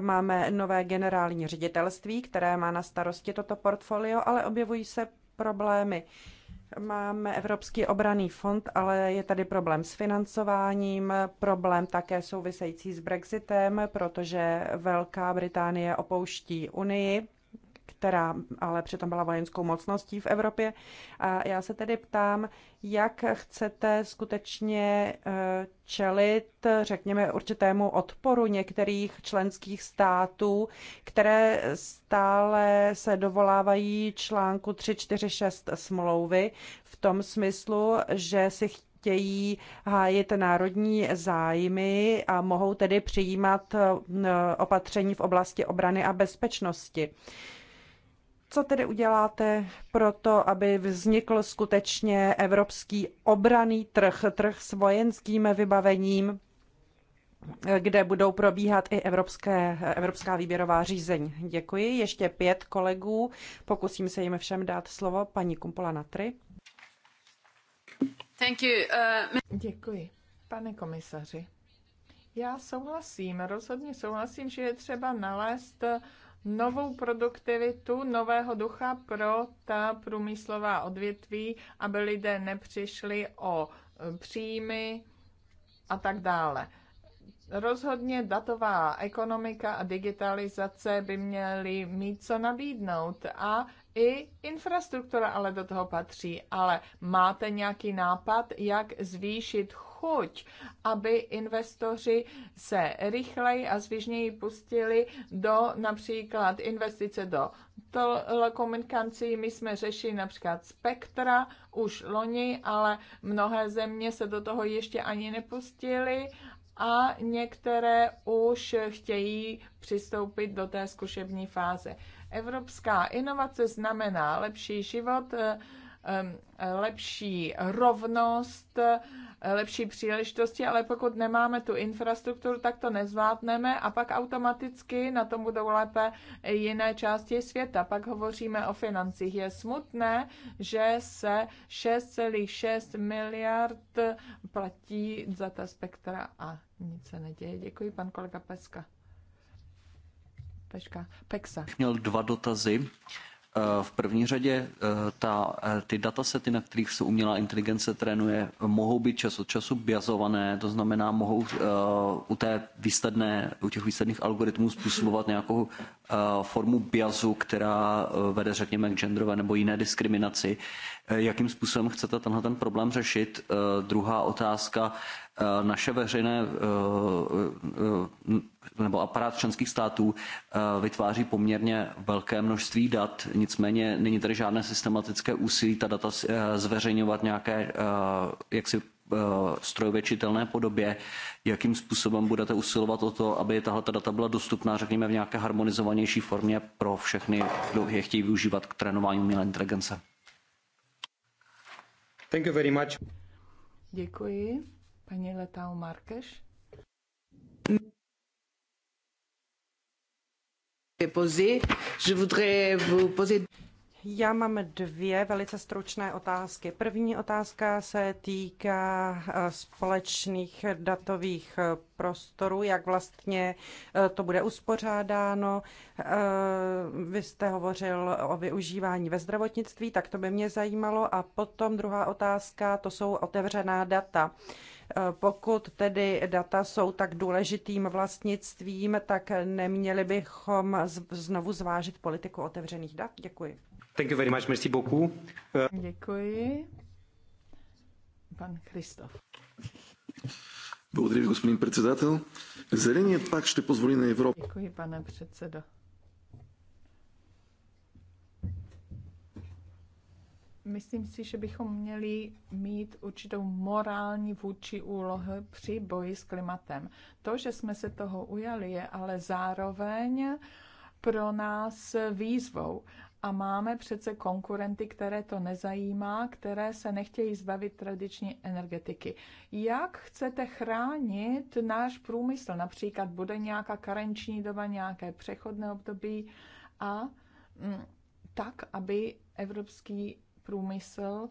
máme nové generální ředitelství, které má na starosti toto portfolio, ale objevují se problémy. Uh, Máme Evropský obraný fond, ale je tady problém s financováním, problém také související s Brexitem, protože Velká Británie opouští Unii která ale přitom byla vojenskou mocností v Evropě. A já se tedy ptám, jak chcete skutečně eh, čelit, řekněme, určitému odporu některých členských států, které stále se dovolávají článku 346 smlouvy v tom smyslu, že si chtějí hájit národní zájmy a mohou tedy přijímat eh, opatření v oblasti obrany a bezpečnosti. Co tedy uděláte pro to, aby vznikl skutečně evropský obraný trh, trh s vojenským vybavením, kde budou probíhat i evropské, evropská výběrová řízení? Děkuji. Ještě pět kolegů. Pokusím se jim všem dát slovo. Paní Kumpola Natry. Thank you. Uh... Děkuji. Pane komisaři, já souhlasím, rozhodně souhlasím, že je třeba nalézt novou produktivitu, nového ducha pro ta průmyslová odvětví, aby lidé nepřišli o e, příjmy a tak dále. Rozhodně datová ekonomika a digitalizace by měly mít co nabídnout a i infrastruktura ale do toho patří. Ale máte nějaký nápad, jak zvýšit chuť, aby investoři se rychleji a zvižněji pustili do například investice do telekomunikací. My jsme řešili například spektra už loni, ale mnohé země se do toho ještě ani nepustily a některé už chtějí přistoupit do té zkušební fáze. Evropská inovace znamená lepší život, eh, lepší rovnost, lepší příležitosti, ale pokud nemáme tu infrastrukturu, tak to nezvládneme a pak automaticky na tom budou lépe jiné části světa. Pak hovoříme o financích. Je smutné, že se 6,6 miliard platí za ta spektra a nic se neděje. Děkuji, pan kolega Peska. Peška. Peksa. Měl dva dotazy. Eh, v první řadě eh, ta, eh, ty datasety, na kterých se umělá inteligence trénuje, mohou být čas od času biazované, to znamená, mohou u, té výsledné, u těch výsledných algoritmů způsobovat nějakou formu biazu, která vede, řekněme, k genderové nebo jiné diskriminaci. Jakým způsobem chcete tenhle ten problém řešit? druhá otázka, Eh, naše veřejné eh, eh, nebo aparát členských států vytváří poměrně velké množství dat, nicméně není tady žádné systematické úsilí ta data zveřejňovat nějaké jaksi strojově čitelné podobě, jakým způsobem budete usilovat o to, aby tahle data byla dostupná, řekněme, v nějaké harmonizovanější formě pro všechny, kdo je chtějí využívat k trénování umělé inteligence. Thank you very much. Děkuji. Paní Letau Markeš. Já mám dvě velice stručné otázky. První otázka se týká eh, společných datových eh, prostorů, jak vlastně eh, to bude uspořádáno. Vy jste hovořil o využívání ve zdravotnictví, tak to by mě zajímalo. A potom druhá otázka, to jsou otevřená data. Eh, pokud tedy data jsou tak důležitým vlastnictvím, tak neměli bychom znovu zvážit politiku otevřených dat? Děkuji. Thank you very much, merci beaucoup. Eh, Děkuji. Pan Kristof. Благодаря ви, господин председател. Зеленият пак ще позволи на Европа. Děkuji, pane předsedo. myslím si, že bychom měli mít určitou morální vůči úlohu při boji s klimatem. To, že jsme se toho ujali, je ale zároveň pro nás výzvou. A máme přece konkurenty, které to nezajímá, které se nechtějí zbavit tradiční energetiky. Jak chcete chránit náš průmysl? Například bude nějaká karenční doba, nějaké přechodné období a mm, tak, aby evropský průmysl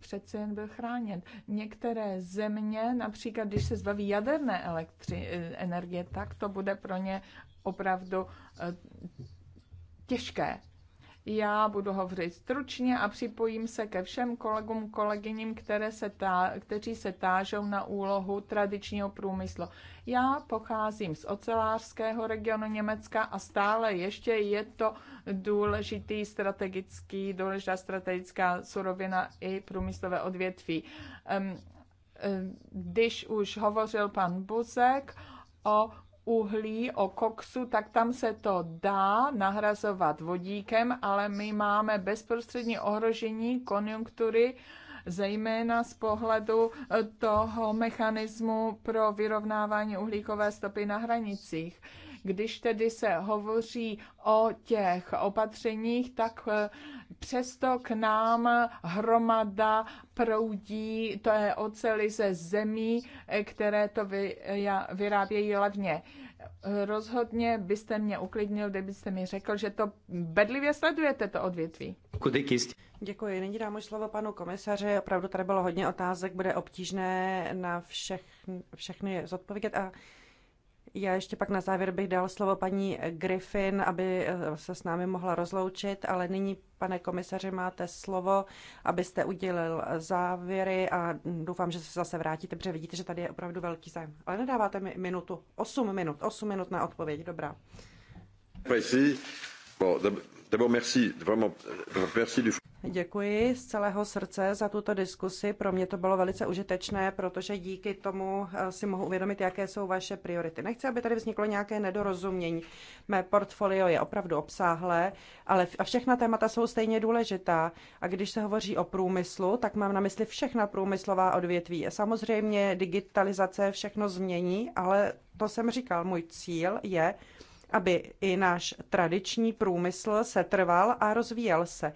přece jen byl chráněn. Některé země, například když se zbaví jaderné elektři- eh, energie, tak to bude pro ně opravdu eh, těžké já budu hovořit stručně a připojím se ke všem kolegům, kolegyním, které se tá, kteří se tážou na úlohu tradičního průmyslu. Já pocházím z ocelářského regionu Německa a stále ještě je to důležitý strategický, důležitá strategická surovina i průmyslové odvětví. Když už hovořil pan Buzek o uhlí, o koksu, tak tam se to dá nahrazovat vodíkem, ale my máme bezprostřední ohrožení konjunktury, zejména z pohledu eh, toho mechanismu pro vyrovnávání uhlíkové stopy na hranicích. Když tedy se hovoří o těch opatřeních, tak eh, přesto k nám hromada proudí, to je oceli ze zemí, eh, které to vyrábějí levně. Rozhodně byste mě uklidnil, kdybyste mi řekl, že to bedlivě sledujete, to odvětví. Děkuji. Nyní dám už slovo panu komisaři. Opravdu tady bylo hodně otázek, bude obtížné na všech, všechny zodpovědět. A já ještě pak na závěr bych dal slovo paní Griffin, aby eh, se s námi mohla rozloučit, ale nyní, pane komisaři, máte slovo, abyste udělil závěry a doufám, že se zase vrátíte, protože vidíte, že tady je opravdu velký zájem. Ale nedáváte mi minutu, 8 minut, 8 minut na odpověď, dobrá. Merci. Bon, d'abord merci, vraiment, euh, merci du... Děkuji z celého srdce za tuto diskusi. Pro mě to bylo velice užitečné, protože díky tomu eh, si mohu uvědomit, jaké jsou vaše priority. Nechci, aby tady vzniklo nějaké nedorozumění. Mé portfolio je opravdu obsáhlé, ale a všechna témata jsou stejně důležitá. A když se hovoří o průmyslu, tak mám na mysli všechna průmyslová odvětví. Samozřejmě digitalizace všechno změní, ale to jsem říkal, můj cíl je aby i náš tradiční průmysl se trval a rozvíjel se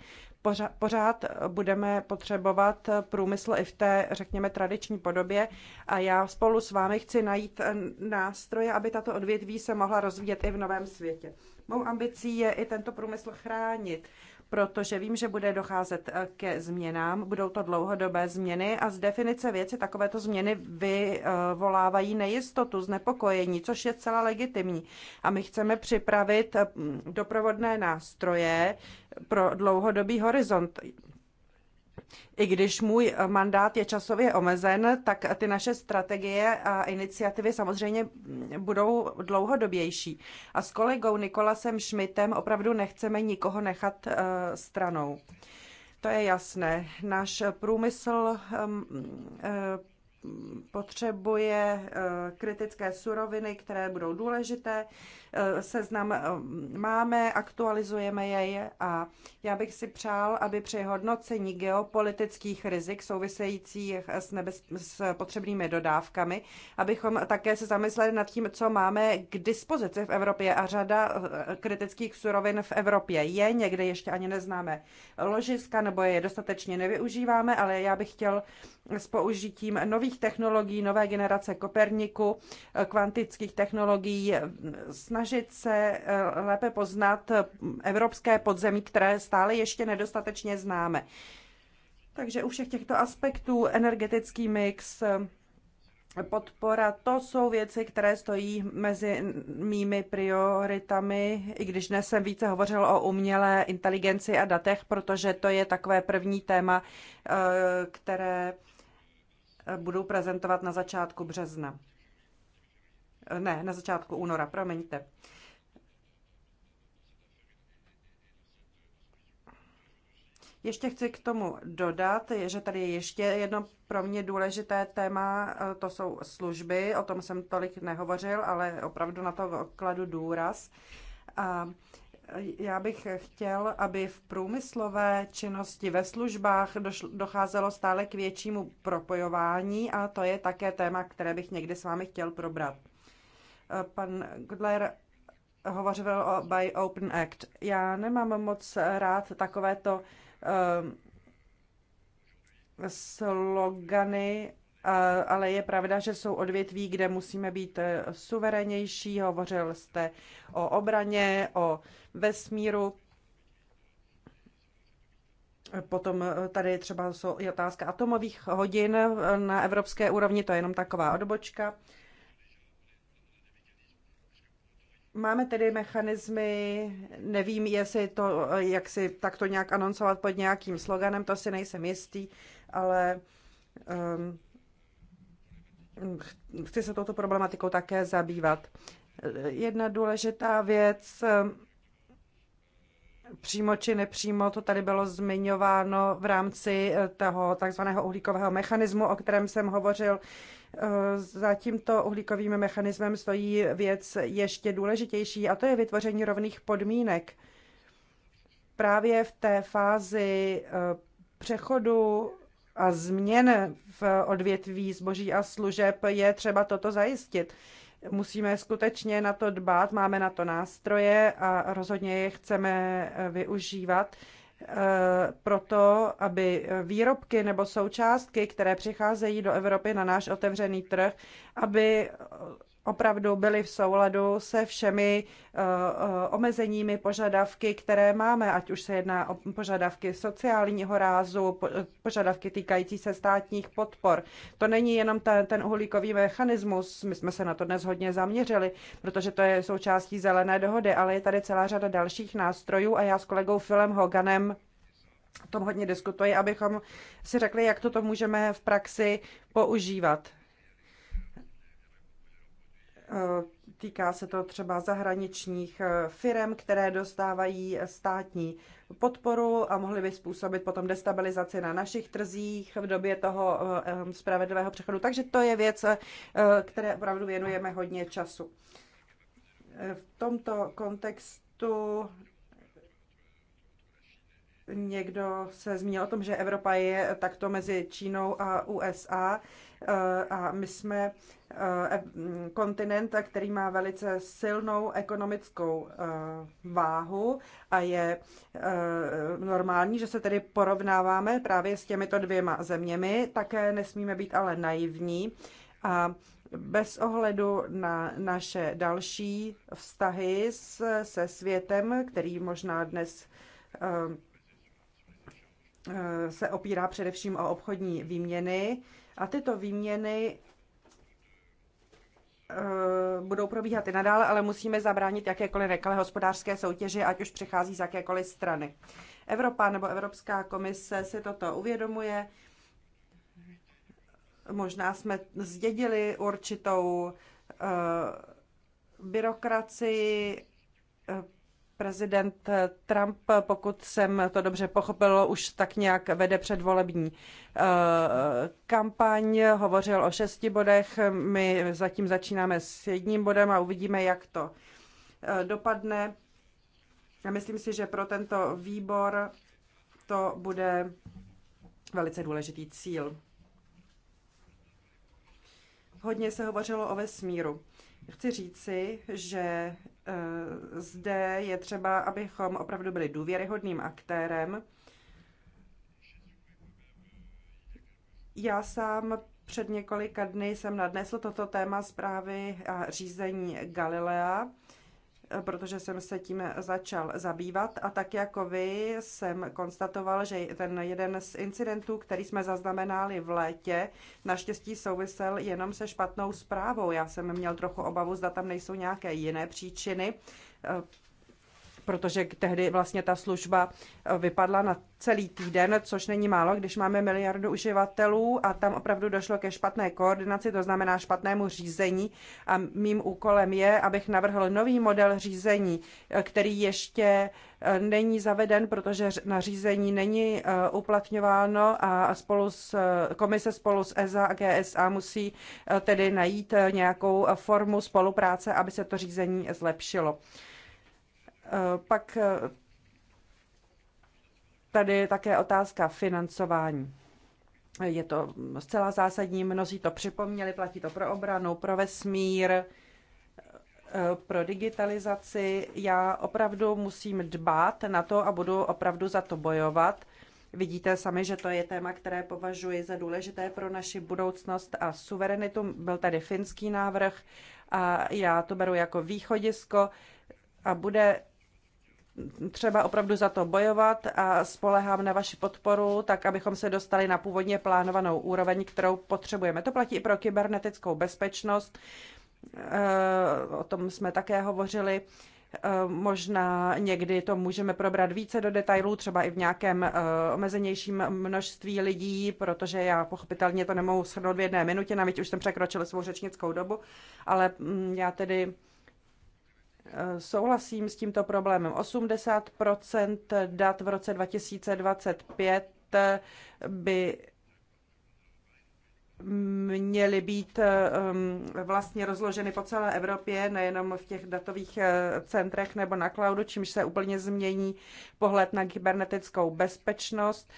pořád budeme potřebovat průmysl i v té, řekněme, tradiční podobě a já spolu s vámi chci najít eh, nástroje, aby tato odvětví se mohla rozvíjet i v novém světě. Mou ambicí je i tento průmysl chránit protože vím, že bude docházet eh, ke změnám, budou to dlouhodobé změny a z definice věci takovéto změny vyvolávají nejistotu, znepokojení, což je celá legitimní. A my chceme připravit eh, doprovodné nástroje pro dlouhodobý horizont. I když můj mandát je časově omezen, tak ty naše strategie a iniciativy samozřejmě budou dlouhodobější. A s kolegou Nikolasem Schmidtem opravdu nechceme nikoho nechat eh, stranou. To je jasné. Náš průmysl mm, eh, potřebuje eh, kritické suroviny, které budou důležité. Eh, seznam eh, máme, aktualizujeme jej a já bych si přál, aby při hodnocení geopolitických rizik souvisejících s, nebez, s potřebnými dodávkami, abychom také se zamysleli nad tím, co máme k dispozici v Evropě a řada kritických surovin v Evropě je, někde ještě ani neznáme ložiska nebo je dostatečně nevyužíváme, ale já bych chtěl s použitím nových technologií, nové generace Koperniku, eh, kvantických technologií, eh, snažit se eh, lépe poznat evropské podzemí, které stále ještě nedostatečně známe. Takže u všech těchto aspektů energetický mix, podpora, to jsou věci, které stojí mezi mými prioritami, i když dnes jsem více hovořil o umělé inteligenci a datech, protože to je takové první téma, které budou prezentovat na začátku března. Ne, na začátku února, promiňte. Ještě chci k tomu dodat, že tady je ještě jedno pro mě důležité téma, to jsou služby, o tom jsem tolik nehovořil, ale opravdu na to kladu důraz. A já bych chtěl, aby v průmyslové činnosti ve službách docházelo stále k většímu propojování a to je také téma, které bych někdy s vámi chtěl probrat. Pan Gudler hovořil o By Open Act. Já nemám moc rád takovéto um, slogany ale je pravda, že jsou odvětví, kde musíme být eh, suverenější. Hovořil jste o obraně, o vesmíru. Potom eh, tady třeba jsou i otázka atomových hodin eh, na evropské úrovni, to je jenom taková odbočka. Máme tedy mechanismy, nevím, jestli to, jak si takto nějak anoncovat pod nějakým sloganem, to si nejsem jistý, ale um, chci se touto problematikou také zabývat. Jedna důležitá věc, přímo či nepřímo, to tady bylo zmiňováno v rámci eh, toho takzvaného uhlíkového mechanismu, o kterém jsem hovořil. Eh, za tímto uhlíkovým mechanismem stojí věc ještě důležitější a to je vytvoření rovných podmínek. Právě v té fázi eh, přechodu a změn v odvětví zboží a služeb je třeba toto zajistit. Musíme skutečně na to dbát, máme na to nástroje a rozhodně je chceme eh, využívat eh, proto, aby výrobky nebo součástky, které přicházejí do Evropy na náš otevřený trh, aby opravdu byly v souladu se všemi eh, eh, omezeními požadavky, které máme, ať už se jedná o požadavky sociálního rázu, eh, požadavky týkající se státních podpor. To není jenom ten, ten uhlíkový mechanismus, my jsme se na to dnes hodně zaměřili, protože to je součástí zelené dohody, ale je tady celá řada dalších nástrojů a já s kolegou Filem Hoganem o tom hodně diskutuji, abychom si řekli, jak toto můžeme v praxi používat. Eh, týká se to třeba zahraničních eh, firm, které dostávají eh, státní podporu a mohly by způsobit potom destabilizaci na našich trzích v době toho spravedlivého přechodu. Takže to je věc, které opravdu věnujeme hodně času. V tomto kontextu Někdo se zmínil o tom, že Evropa je takto mezi Čínou a USA eh, a my jsme eh, mm, kontinent, který má velice silnou ekonomickou eh, váhu a je normální, že se tedy porovnáváme právě s těmito dvěma zeměmi. Také nesmíme být ale naivní a bez ohledu na naše další vztahy se, se světem, který možná dnes Eh, se opírá především o obchodní výměny a tyto výměny eh, budou probíhat i nadále, ale musíme zabránit jakékoliv nekalé hospodářské soutěži, ať už přichází z jakékoliv strany. Evropa nebo Evropská komise si toto uvědomuje. Možná jsme zdědili určitou eh, byrokracii, prezident Trump, pokud jsem to dobře pochopil, už tak nějak vede předvolební eh, kampaň, hovořil o šesti bodech, my zatím začínáme s jedním bodem a uvidíme, jak to eh, dopadne. A myslím si, že pro tento výbor to bude velice důležitý cíl. Hodně se hovořilo o vesmíru chci říci, že eh, zde je třeba, abychom opravdu byli důvěryhodným aktérem. Já sám před několika dny jsem nadnesl toto téma zprávy a řízení Galilea protože jsem se tím začal zabývat a tak jako vy jsem konstatoval, že ten jeden z incidentů, který jsme zaznamenali v létě, naštěstí souvisel jenom se špatnou zprávou. Já jsem měl trochu obavu, zda tam nejsou nějaké jiné příčiny, protože tehdy vlastně ta služba eh, vypadla na celý týden, což není málo, když máme miliardu uživatelů a tam opravdu došlo ke špatné koordinaci, to znamená špatnému řízení a mým úkolem je, abych navrhl nový model řízení, eh, který ještě eh, není zaveden, protože nařízení není uplatňováno a spolu s, komise spolu s ESA a GSA musí tedy najít nějakou formu spolupráce, aby se to řízení zlepšilo. Eh, pak eh, tady je také otázka financování. Je to zcela zásadní, mnozí to připomněli, platí to pro obranu, pro vesmír, eh, pro digitalizaci. Já opravdu musím dbát na to a budu opravdu za to bojovat. Vidíte sami, že to je téma, které považuji za důležité pro naši budoucnost a suverenitu. Byl tady finský návrh a já to beru jako východisko a bude třeba opravdu za to bojovat a spolehám na vaši podporu, tak abychom se dostali na původně plánovanou úroveň, kterou potřebujeme. To platí i pro kybernetickou bezpečnost, eh, o tom jsme také hovořili. Eh, možná někdy to můžeme probrat více do detailů, třeba i v nějakém eh, omezenějším množství lidí, protože já pochopitelně to nemohu shrnout v jedné minutě, navíc už jsem překročil svou řečnickou dobu, ale mm, já tedy souhlasím s tímto problémem. 80 dat v roce 2025 by měly být ehm, vlastně rozloženy po celé Evropě, nejenom v těch datových eh, centrech nebo na cloudu, čímž se úplně změní pohled na kybernetickou bezpečnost.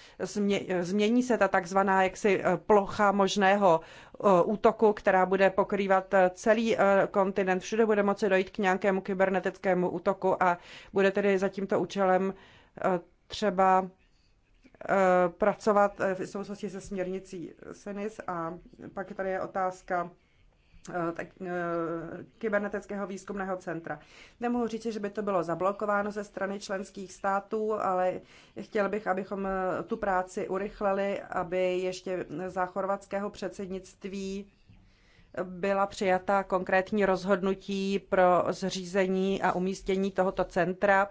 Změní se ta takzvaná jaksi eh, plocha možného eh, útoku, která bude pokrývat celý kontinent. Všude bude moci dojít k nějakému kybernetickému útoku a bude tedy za tímto účelem třeba Eh, pracovat eh, v souvislosti se směrnicí SENIS a pak tady je otázka eh, tak, kybernetického výzkumného centra. Nemohu říct, že by to bylo zablokováno ze strany členských států, ale chtěl bych, abychom tu práci urychlili, aby ještě za chorvatského předsednictví byla přijata konkrétní rozhodnutí pro zřízení a umístění tohoto centra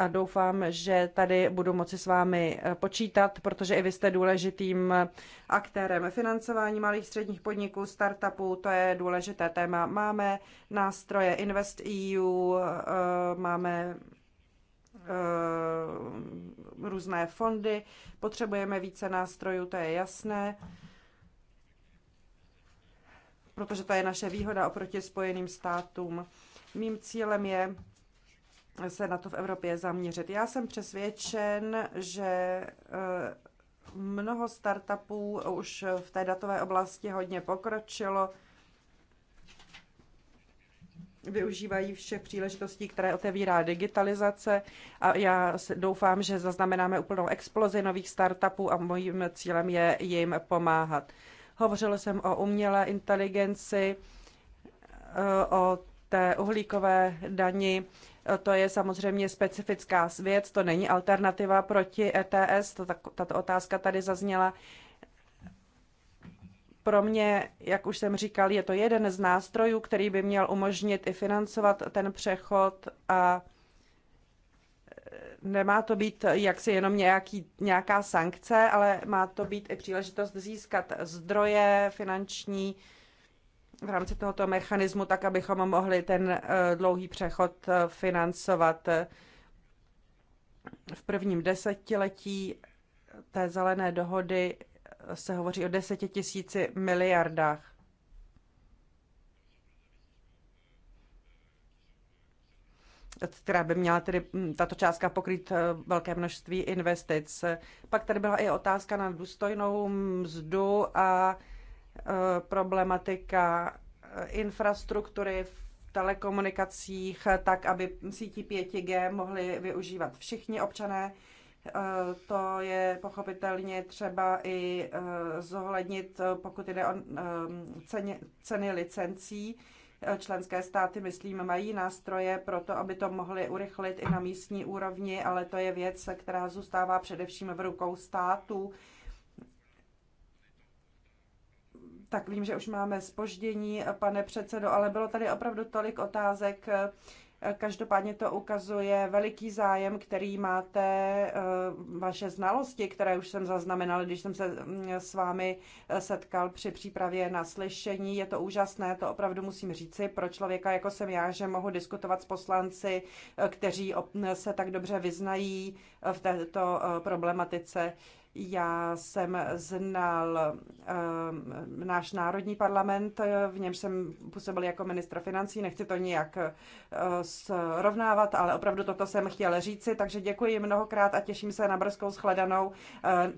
a doufám, že tady budu moci s vámi eh, počítat, protože i vy jste důležitým eh, aktérem financování malých středních podniků, startupů, to je důležité téma. Máme nástroje Invest EU, eh, máme různé fondy, potřebujeme více nástrojů, to je jasné protože to je naše výhoda oproti Spojeným státům. Mým cílem je se na to v Evropě zaměřit. Já jsem přesvědčen, že eh, mnoho startupů už v té datové oblasti hodně pokročilo. Využívají všech příležitostí, které otevírá digitalizace a já doufám, že zaznamenáme úplnou explozi nových startupů a mojím cílem je jim pomáhat. Hovořil jsem o umělé inteligenci, eh, o té uhlíkové dani to je samozřejmě specifická věc, to není alternativa proti ETS, to, tato otázka tady zazněla. Pro mě, jak už jsem říkal, je to jeden z nástrojů, který by měl umožnit i financovat ten přechod a e, nemá to být jaksi jenom nějaký, nějaká sankce, ale má to být i příležitost získat zdroje finanční, v rámci tohoto mechanismu, tak abychom mohli ten eh, dlouhý přechod eh, financovat v prvním desetiletí té zelené dohody eh, se hovoří o deseti tisíci miliardách. která by měla tedy mm, tato částka pokrýt velké množství investic. Pak tady byla i otázka na důstojnou mzdu a Eh, problematika eh, infrastruktury v telekomunikacích, eh, tak aby sítí 5G mohli využívat všichni občané. To je pochopitelně třeba i zohlednit, pokud jde o ceny licencí. Členské státy, myslím, mají nástroje pro to, aby to mohly urychlit i na místní úrovni, ale to je věc, která zůstává především v rukou států Tak vím, že už máme spoždění, pane předsedo, ale bylo tady opravdu tolik otázek. Každopádně to ukazuje veliký zájem, který máte, eh, vaše znalosti, které už jsem zaznamenala, když jsem se mm, s vámi eh, setkal při přípravě na slyšení. Je to úžasné, to opravdu musím říci pro člověka, jako jsem já, že mohu diskutovat s poslanci, eh, kteří se tak dobře vyznají v této problematice. Já jsem znal um, náš národní parlament, v něm jsem působil jako ministr financí, nechci to nijak uh, srovnávat, ale opravdu toto jsem chtěl říci, takže děkuji mnohokrát a těším se na brzkou shledanou uh,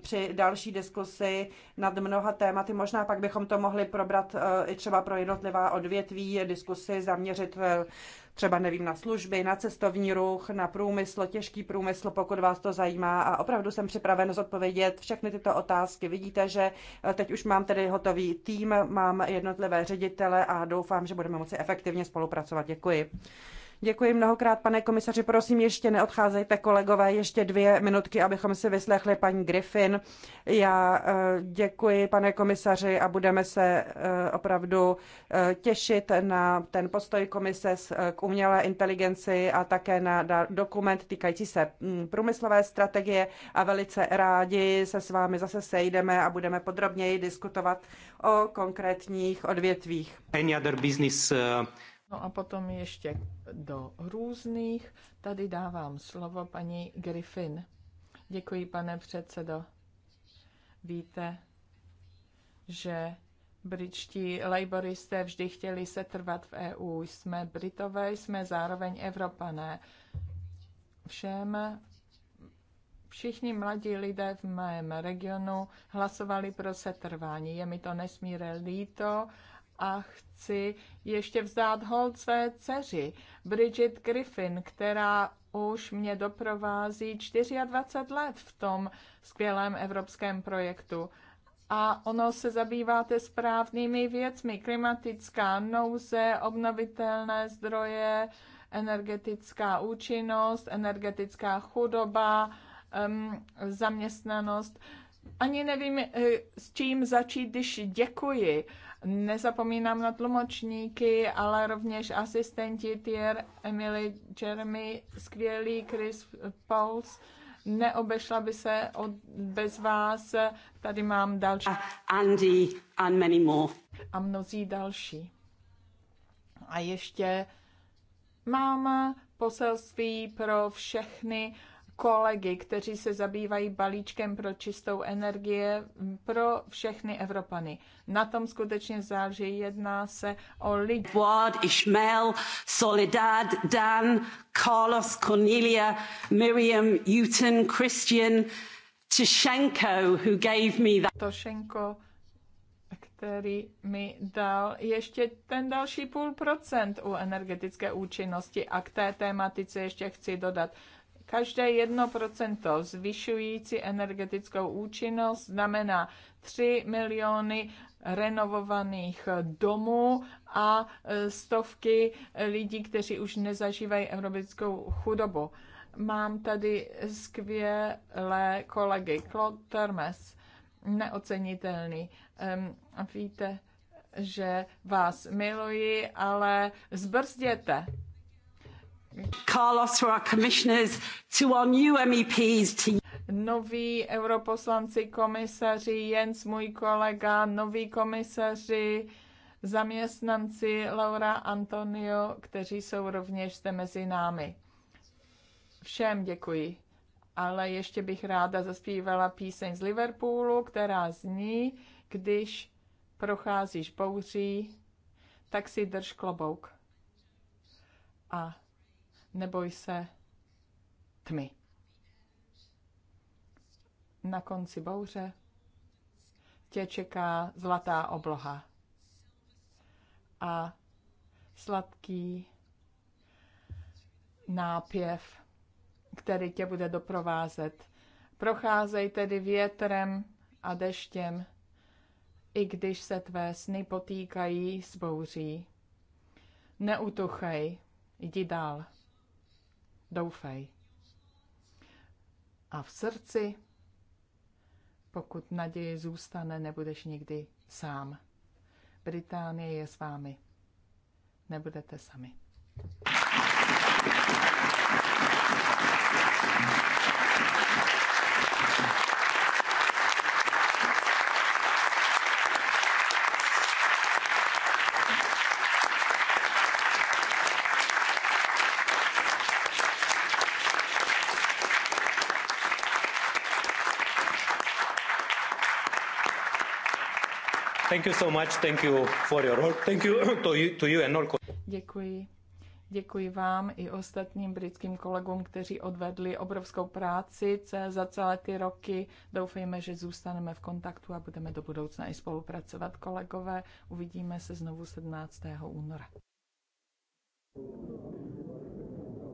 při další diskusi nad mnoha tématy. Možná pak bychom to mohli probrat uh, i třeba pro jednotlivá odvětví, diskusy zaměřit uh, třeba nevím, na služby, na cestovní ruch, na průmysl, těžký průmysl, pokud vás to zajímá. A opravdu jsem připraven zodpovědět všechny tyto otázky. Vidíte, že eh, teď už mám tedy hotový tým, mám jednotlivé ředitele a doufám, že budeme moci efektivně spolupracovat. Děkuji. Děkuji mnohokrát, pane komisaři. Prosím, ještě neodcházejte, kolegové, ještě dvě minutky, abychom si vyslechli paní Griffin. Já eh, děkuji, pane komisaři, a budeme se eh, opravdu eh, těšit na ten postoj komise k umělé inteligenci a také na dokument týkající se hm, průmyslové strategie a velice rádi se s vámi zase sejdeme a budeme podrobněji diskutovat o konkrétních odvětvích. No a potom ještě do různých. Tady dávám slovo paní Griffin. Děkuji, pane předsedo. Víte, že britští laboristé vždy chtěli se trvat v EU. Jsme Britové, jsme zároveň Evropané. Všem všichni mladí lidé v mém regionu hlasovali pro setrvání. Je mi to nesmírně líto a chci ještě vzdát hold své dceři, Bridget Griffin, která už mě doprovází 24 let v tom skvělém evropském projektu. A ono se zabýváte správnými věcmi, klimatická nouze, obnovitelné zdroje, energetická účinnost, energetická chudoba, um, zaměstnanost. Ani nevím, eh, s čím začít, když děkuji Nezapomínám na tlumočníky, ale rovněž asistenti Tier, Emily, Jeremy, skvělý Chris Pauls. Neobešla by se od, bez vás. Tady mám další. Andy and many more. A mnozí další. A ještě mám poselství pro všechny kolegy, kteří se zabývají balíčkem pro čistou energie pro všechny Evropany. Na tom skutečně záleží. Jedná se o lidi. Ward, Ishmael, Soledad, Dan, Carlos, Cornelia, Miriam, Uten, Christian, Toshenko, who gave me that. Toshenko, který mi dal ještě ten další půl procent u energetické účinnosti a k té tématice ještě chci dodat Každé jedno procento zvyšující energetickou účinnost znamená 3 miliony renovovaných domů a e, stovky lidí, kteří už nezažívají evropskou chudobu. Mám tady skvělé kolegy. Claude Termes, neocenitelný. Víte, že vás miluji, ale zbrzděte. Carlos to our commissioners, to our new MEPs, to... Noví europoslanci, komisaři, Jens, můj kolega, noví komisaři, zaměstnanci Laura Antonio, kteří jsou rovněž zde mezi námi. Všem děkuji, ale ještě bych ráda zaspívala píseň z Liverpoolu, která zní, když procházíš bouří, tak si drž klobouk. A neboj se tmy. Na konci bouře tě čeká zlatá obloha a sladký nápěv, který tě bude doprovázet. Procházej tedy větrem a deštěm, i když se tvé sny potýkají s bouří. Neutuchej, jdi dál doufej. A v srdci, pokud naděje zůstane, nebudeš nikdy sám. Británie je s vámi. Nebudete sami. Thank you so much. Thank you for your role. Thank you to you, to you and all. Děkuji. Děkuji vám i ostatním britským kolegům, kteří odvedli obrovskou práci za celé ty roky. Doufejme, že zůstaneme v kontaktu a budeme do budoucna i spolupracovat, kolegové. Uvidíme se znovu 17. února.